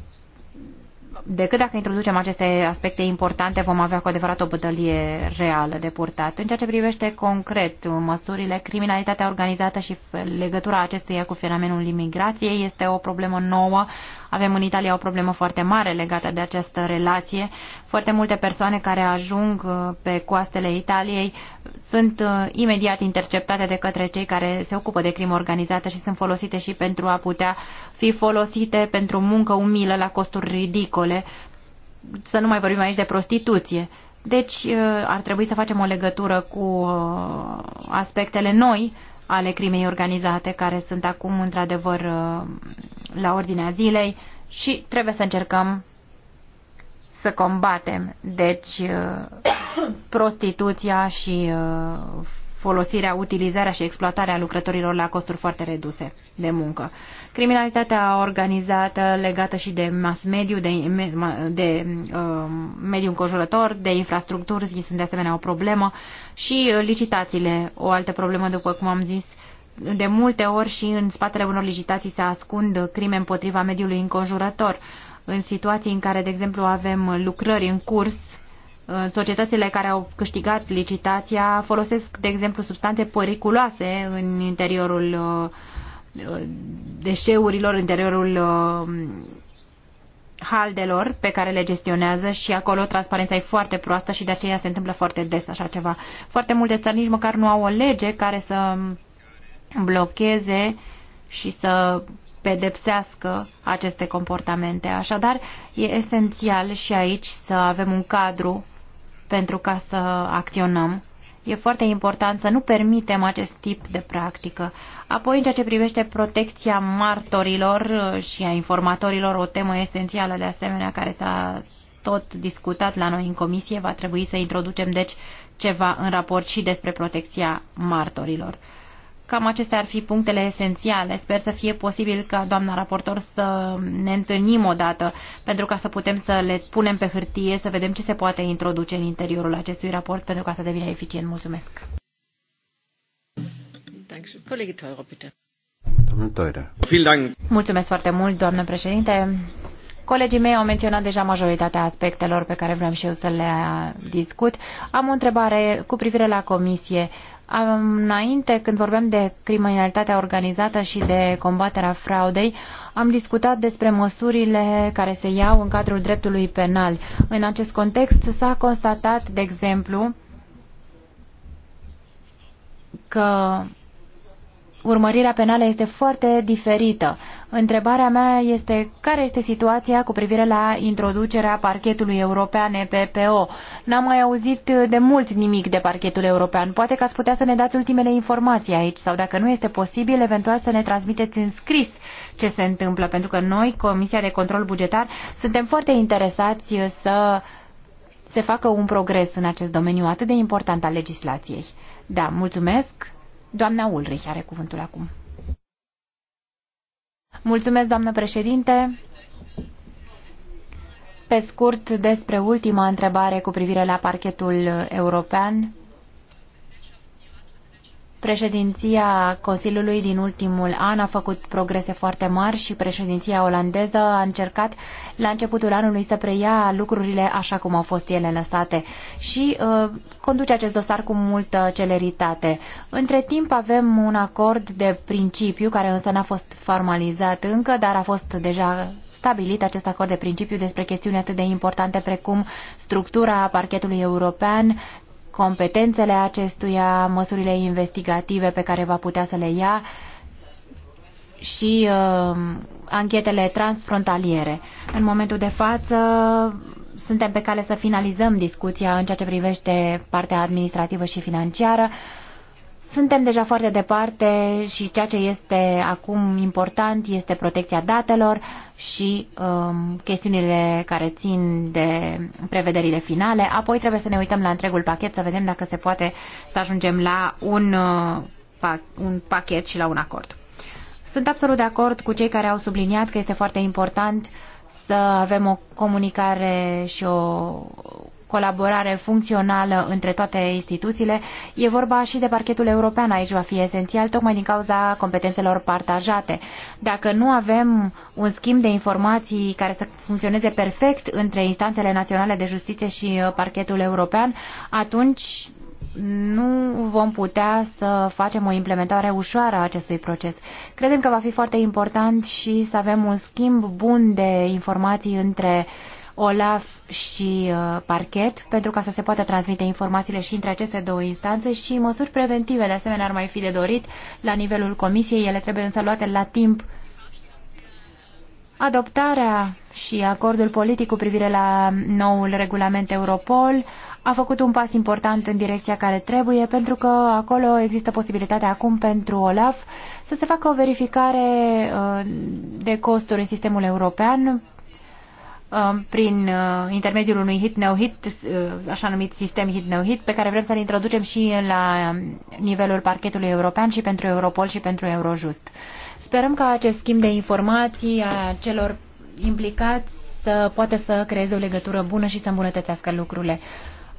decât dacă introducem aceste aspecte importante, vom avea cu adevărat o bătălie reală de purtat. În ceea ce privește concret măsurile, criminalitatea organizată și legătura acesteia cu fenomenul imigrației este o problemă nouă avem în Italia o problemă foarte mare legată de această relație. Foarte multe persoane care ajung uh, pe coastele Italiei sunt uh, imediat interceptate de către cei care se ocupă de crimă organizată și sunt folosite și pentru a putea fi folosite pentru muncă umilă la costuri ridicole. Să nu mai vorbim aici de prostituție. Deci uh, ar trebui să facem o legătură cu aspectele noi ale crimei organizate, care sunt acum într-adevăr uh, la ordinea zilei și trebuie să încercăm să combatem, deci, uh, prostituția și uh, folosirea, utilizarea și exploatarea lucrătorilor la costuri foarte reduse de muncă. Criminalitatea organizată legată și de mass mediu, de, de uh, um, mediu înconjurător, de infrastructuri, sunt de asemenea o problemă și uh, licitațiile, o altă problemă, după cum am zis, de multe ori și în spatele unor licitații se ascund crime împotriva mediului înconjurător. În situații în care, de exemplu, avem lucrări în curs societățile care au câștigat licitația folosesc, de exemplu, substanțe periculoase în interiorul uh, deșeurilor, în interiorul uh, haldelor pe care le gestionează și acolo transparența e foarte proastă și de aceea se întâmplă foarte des așa ceva. Foarte multe țări nici măcar nu au o lege care să blocheze și să pedepsească aceste comportamente. Așadar, e esențial și aici să avem un cadru pentru ca să acționăm. E foarte important să nu permitem acest tip de practică. Apoi, în ceea ce privește protecția martorilor și a informatorilor, o temă esențială de asemenea care s-a tot discutat la noi în comisie, va trebui să introducem deci ceva în raport și despre protecția martorilor. Cam acestea ar fi punctele esențiale. Sper să fie posibil ca doamna raportor să ne întâlnim odată pentru ca să putem să le punem pe hârtie, să vedem ce se poate introduce în interiorul acestui raport pentru ca să devină eficient. Mulțumesc! Mulțumesc foarte mult, doamnă președinte. Colegii mei au menționat deja majoritatea aspectelor pe care vreau și eu să le discut. Am o întrebare cu privire la comisie. Înainte, când vorbeam de criminalitatea organizată și de combaterea fraudei, am discutat despre măsurile care se iau în cadrul dreptului penal. În acest context s-a constatat, de exemplu, că urmărirea penală este foarte diferită. Întrebarea mea este care este situația cu privire la introducerea parchetului european EPPO. N-am mai auzit de mult nimic de parchetul european. Poate că ați putea să ne dați ultimele informații aici sau dacă nu este posibil, eventual să ne transmiteți în scris ce se întâmplă, pentru că noi, Comisia de Control Bugetar, suntem foarte interesați să se facă un progres în acest domeniu atât de important al legislației. Da, mulțumesc. Doamna Ulrich are cuvântul acum. Mulțumesc, doamnă președinte. Pe scurt, despre ultima întrebare cu privire la parchetul european, Președinția Consiliului din ultimul an a făcut progrese foarte mari și președinția olandeză a încercat la începutul anului să preia lucrurile așa cum au fost ele lăsate și uh, conduce acest dosar cu multă celeritate. Între timp avem un acord de principiu care însă n-a fost formalizat încă, dar a fost deja stabilit acest acord de principiu despre chestiuni atât de importante precum structura parchetului european competențele acestuia, măsurile investigative pe care va putea să le ia și uh, anchetele transfrontaliere. În momentul de față suntem pe cale să finalizăm discuția în ceea ce privește partea administrativă și financiară. Uh, suntem deja foarte departe și ceea ce este acum important este protecția datelor și um, chestiunile care țin de prevederile finale. Apoi trebuie să ne uităm la întregul pachet să vedem dacă se poate să ajungem la un, uh, un pachet și la un acord. Sunt absolut de acord cu cei care au subliniat că este foarte important să avem o comunicare și o colaborare funcțională între toate instituțiile. E vorba și de parchetul european, aici va fi esențial, tocmai din cauza competențelor partajate. Dacă nu avem un schimb de informații care să funcționeze perfect între instanțele naționale de justiție și uh, parchetul european, atunci nu vom putea să facem o implementare ușoară a acestui proces. Credem că va fi foarte important și să avem un schimb bun de informații între uh, OLAF și uh, parchet, pentru ca să se poată transmite informațiile și între aceste două instanțe și măsuri preventive, de asemenea, ar mai fi de dorit la nivelul comisiei. Ele trebuie însă luate la timp. Adoptarea și acordul politic cu privire la noul regulament Europol a făcut un pas important în direcția care trebuie, pentru că acolo există posibilitatea acum pentru OLAF să se facă o verificare uh, de costuri în sistemul european Um, prin uh, intermediul unui hit-no-hit, uh, așa numit sistem hit-no-hit, pe care vrem să-l introducem și la um, nivelul parchetului european și pentru Europol și pentru Eurojust. Sperăm că acest schimb de informații a celor implicați să poate să creeze o legătură bună și să îmbunătățească lucrurile.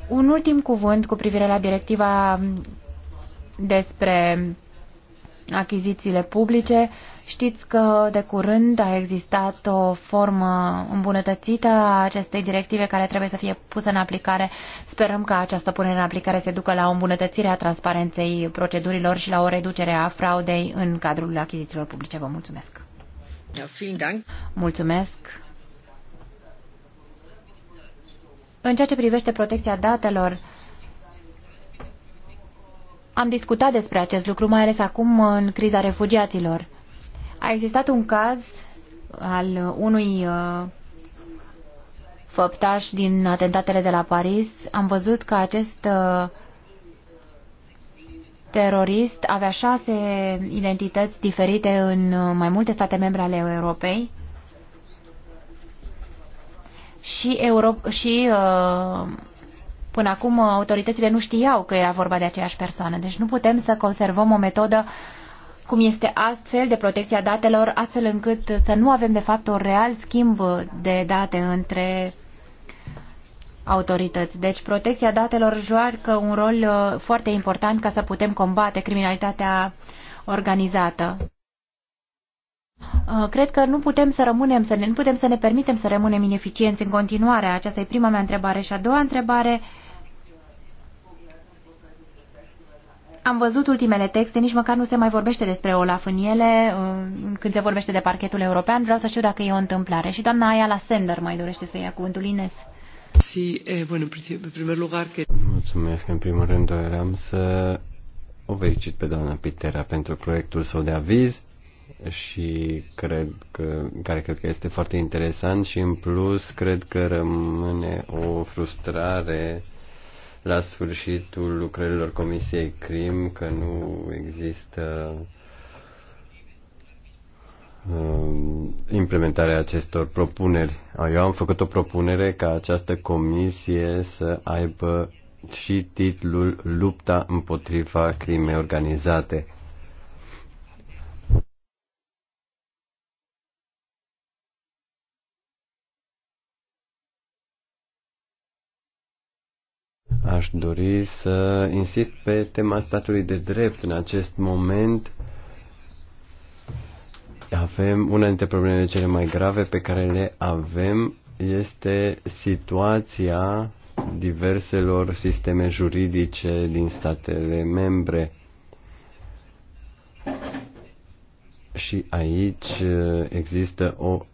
Un ultim cuvânt cu privire la directiva um, despre achizițiile publice. Uh, Știți că de curând a existat o formă îmbunătățită a acestei directive care trebuie să fie pusă în aplicare. Sperăm că această punere în aplicare se ducă la o îmbunătățire a transparenței procedurilor și la o reducere a fraudei în cadrul achizițiilor publice. Vă mulțumesc! Mulțumesc! În ceea ce privește protecția datelor, am discutat despre acest lucru, mai ales acum în criza refugiaților. A existat un caz al unui uh, făptaș din atentatele de la Paris. Am văzut că acest uh, terorist avea șase identități diferite în uh, mai multe state membre ale Europei și, Euro- și până acum autoritățile nu știau că era vorba de aceeași persoană. Deci nu putem să conservăm o metodă cum este astfel de protecția datelor, astfel încât să nu avem de fapt un real schimb de date între autorități. Deci protecția datelor joacă un rol uh, foarte important ca să putem combate criminalitatea organizată. Uh, cred că nu putem să rămânem, să ne, nu putem să ne permitem să rămânem ineficienți în continuare. Aceasta e prima mea întrebare. Și a doua întrebare am văzut ultimele texte, nici măcar nu se mai vorbește despre Olaf în ele, când se vorbește de parchetul european. Vreau să știu dacă e o întâmplare. Și doamna Aia la Sender mai dorește să ia cuvântul Ines. Sí, eh, bueno, en primer lugar que... Mulțumesc. În primul rând doream să o felicit pe doamna Pitera pentru proiectul său de aviz și cred că, care cred că este foarte interesant și în plus cred că rămâne o frustrare la sfârșitul lucrărilor Comisiei CRIM că nu există um, implementarea acestor propuneri. Eu am făcut o propunere ca această comisie să aibă și titlul Lupta împotriva crimei organizate Aș dori să insist pe tema statului de drept. În acest moment avem una dintre problemele cele mai grave pe care le avem este situația diverselor sisteme juridice din statele membre. Și aici uh, există o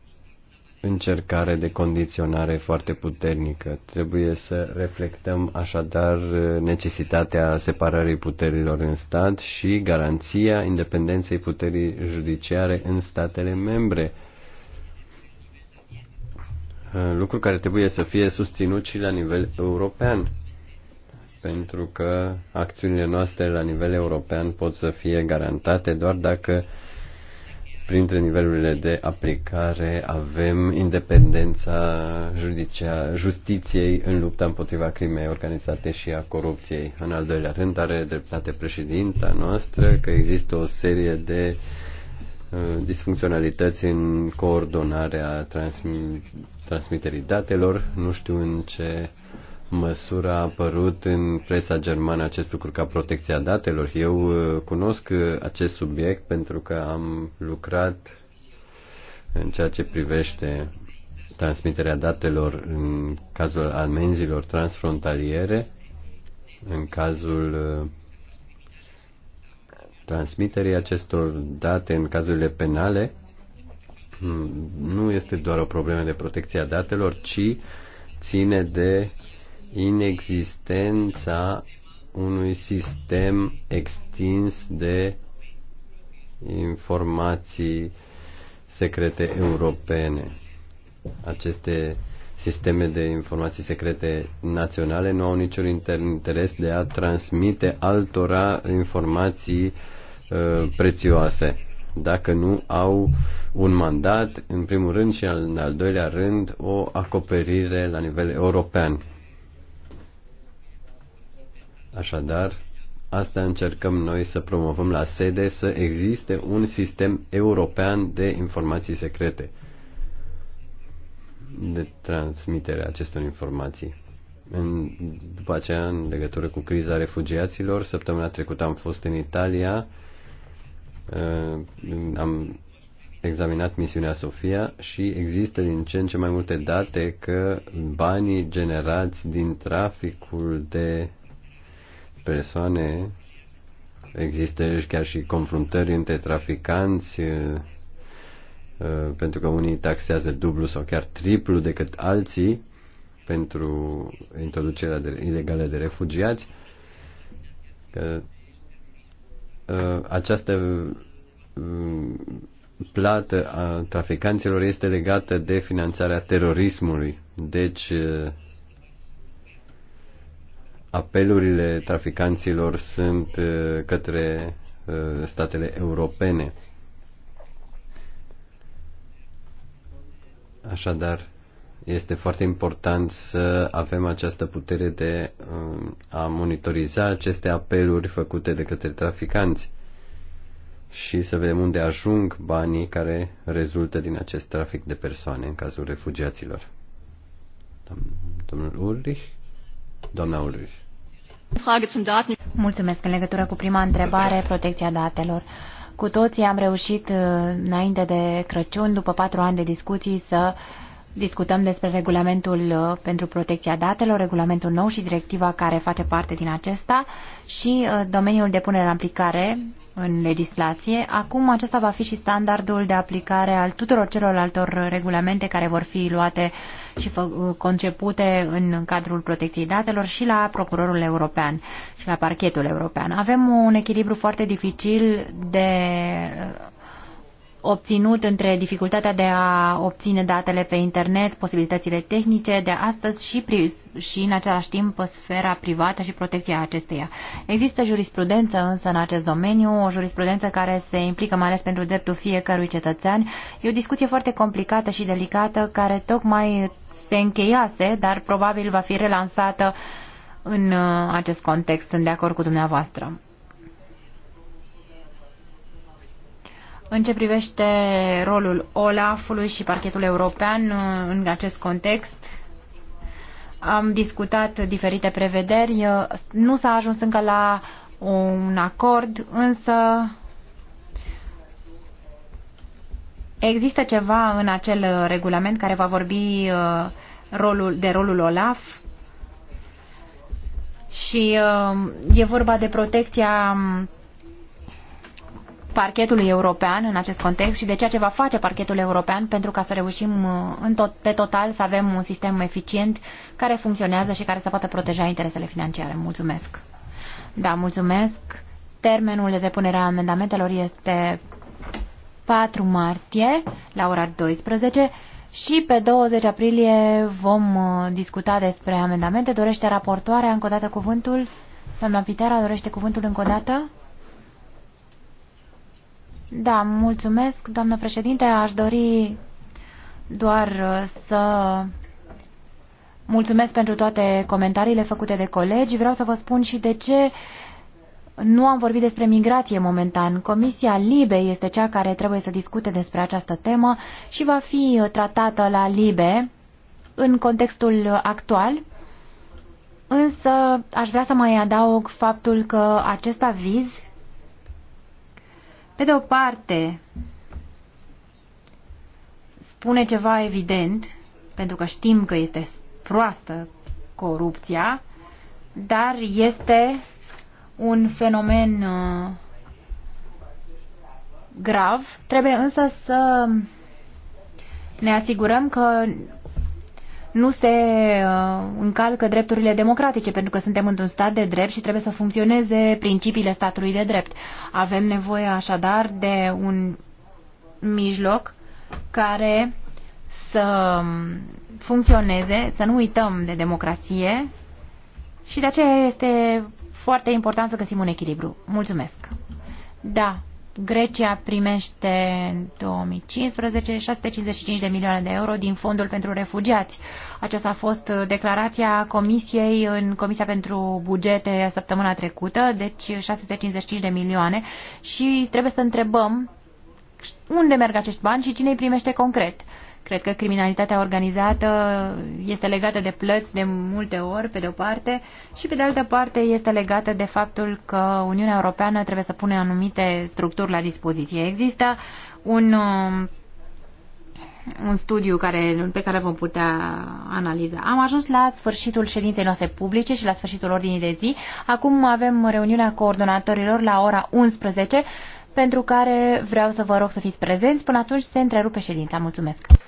încercare de condiționare foarte puternică. Trebuie să reflectăm așadar necesitatea separării puterilor în stat și garanția independenței puterii judiciare în statele membre. Lucru care trebuie să fie susținut și la nivel european, pentru că acțiunile noastre la nivel european pot să fie garantate doar dacă uh, printre nivelurile de aplicare avem independența judicia, justiției în lupta împotriva crimei organizate și a corupției. În al doilea rând are dreptate președinta noastră că există o serie de uh, disfuncționalități în coordonarea transmi, transmiterii datelor. Nu știu în ce măsură a apărut în presa germană acest lucru ca protecția datelor. Eu uh, cunosc uh, acest subiect pentru că am lucrat în ceea ce privește transmiterea datelor în cazul amenzilor transfrontaliere, în cazul uh, transmiterii acestor date în cazurile penale, mm, nu este doar o problemă de protecție a datelor, ci ține de inexistența unui sistem extins de informații secrete europene. Aceste sisteme de informații secrete naționale nu au niciun interes de a transmite altora informații uh, prețioase dacă nu au un mandat, în primul rând și în al doilea rând, o acoperire la nivel european. Așadar, asta încercăm noi să promovăm la sede, să existe un sistem european de informații secrete, de transmitere acestor informații. În, după aceea, în legătură cu criza refugiaților, săptămâna trecută am fost în Italia, uh, am examinat misiunea Sofia și există din ce în ce mai multe date că banii generați din traficul de persoane, există chiar și confruntări între traficanți, uh, uh, pentru că unii taxează dublu sau chiar triplu decât alții pentru introducerea de, ilegală de refugiați, că uh, această plată a traficanților este legată de finanțarea terorismului. Deci apelurile traficanților sunt uh, către uh, statele europene. Așadar, este foarte important să avem această putere de um, a monitoriza aceste apeluri făcute de către traficanți și să vedem unde ajung banii care rezultă din acest trafic de persoane în cazul refugiaților. Domnul Ulrich? Doamna Ulrich. Mulțumesc. În legătură cu prima întrebare, protecția datelor. Cu toții am reușit, uh, înainte de Crăciun, după patru ani de discuții, să discutăm despre regulamentul uh, pentru protecția datelor, regulamentul nou și directiva care face parte din acesta și uh, domeniul de punere în aplicare în legislație. Acum acesta va fi și standardul de aplicare al tuturor celorlaltor regulamente care vor fi luate și concepute în cadrul protecției datelor și la procurorul european și la parchetul european. Avem un echilibru foarte dificil de obținut între dificultatea de a obține datele pe internet, posibilitățile tehnice de astăzi și, pri, și în același timp sfera privată și protecția acesteia. Există jurisprudență însă în acest domeniu, o jurisprudență care se implică mai ales pentru dreptul fiecărui cetățean. E o discuție foarte complicată și delicată care tocmai se încheiase, dar probabil va fi relansată în uh, acest context. Sunt de acord cu dumneavoastră. În ce privește rolul OLAF-ului și parchetul european uh, în acest context, am discutat diferite prevederi. Uh, nu s-a ajuns încă la un acord, însă există ceva în acel regulament care va vorbi uh, rolul, de rolul OLAF și e vorba de protecția um, parchetului european în acest context și de ceea ce va face parchetul european pentru ca să reușim uh, în tot, pe total să avem un sistem eficient care funcționează și care să poată proteja interesele financiare. Mulțumesc! Da, mulțumesc! Termenul de depunere a amendamentelor este 4 martie la ora 12 și pe 20 aprilie vom uh, discuta despre amendamente. Dorește raportoarea încă o dată cuvântul? Doamna Pitera dorește cuvântul încă o dată? Da, mulțumesc, doamnă președinte. Aș dori doar uh, să mulțumesc pentru toate comentariile făcute de colegi. Vreau să vă spun și de ce nu am vorbit despre migrație momentan. Comisia LIBE este cea care trebuie să discute despre această temă și va fi uh, tratată la LIBE în contextul actual. Însă aș vrea să mai adaug faptul că acest aviz pe de o parte, spune ceva evident, pentru că știm că este proastă corupția, dar este un fenomen uh, grav. Trebuie însă să ne asigurăm că nu se uh, încalcă drepturile democratice, pentru că suntem într-un stat de drept și trebuie să funcționeze principiile statului de drept. Avem nevoie așadar de un mijloc care să funcționeze, să nu uităm de democrație și de aceea este foarte important să găsim un echilibru. Mulțumesc! Da, Grecia primește în 2015 655 de milioane de euro din Fondul pentru Refugiați. Aceasta a fost declarația Comisiei în Comisia pentru Bugete săptămâna trecută, deci 655 de milioane și trebuie să întrebăm unde merg acești bani și cine îi primește concret. Cred că criminalitatea organizată este legată de plăți de multe ori, pe de o parte, și pe de altă parte este legată de faptul că Uniunea Europeană trebuie să pune anumite structuri la dispoziție. Există un, um, un studiu care, pe care vom putea analiza. Am ajuns la sfârșitul ședinței noastre publice și la sfârșitul ordinii de zi. Acum avem reuniunea coordonatorilor la ora 11 pentru care vreau să vă rog să fiți prezenți. Până atunci se întrerupe ședința. Mulțumesc!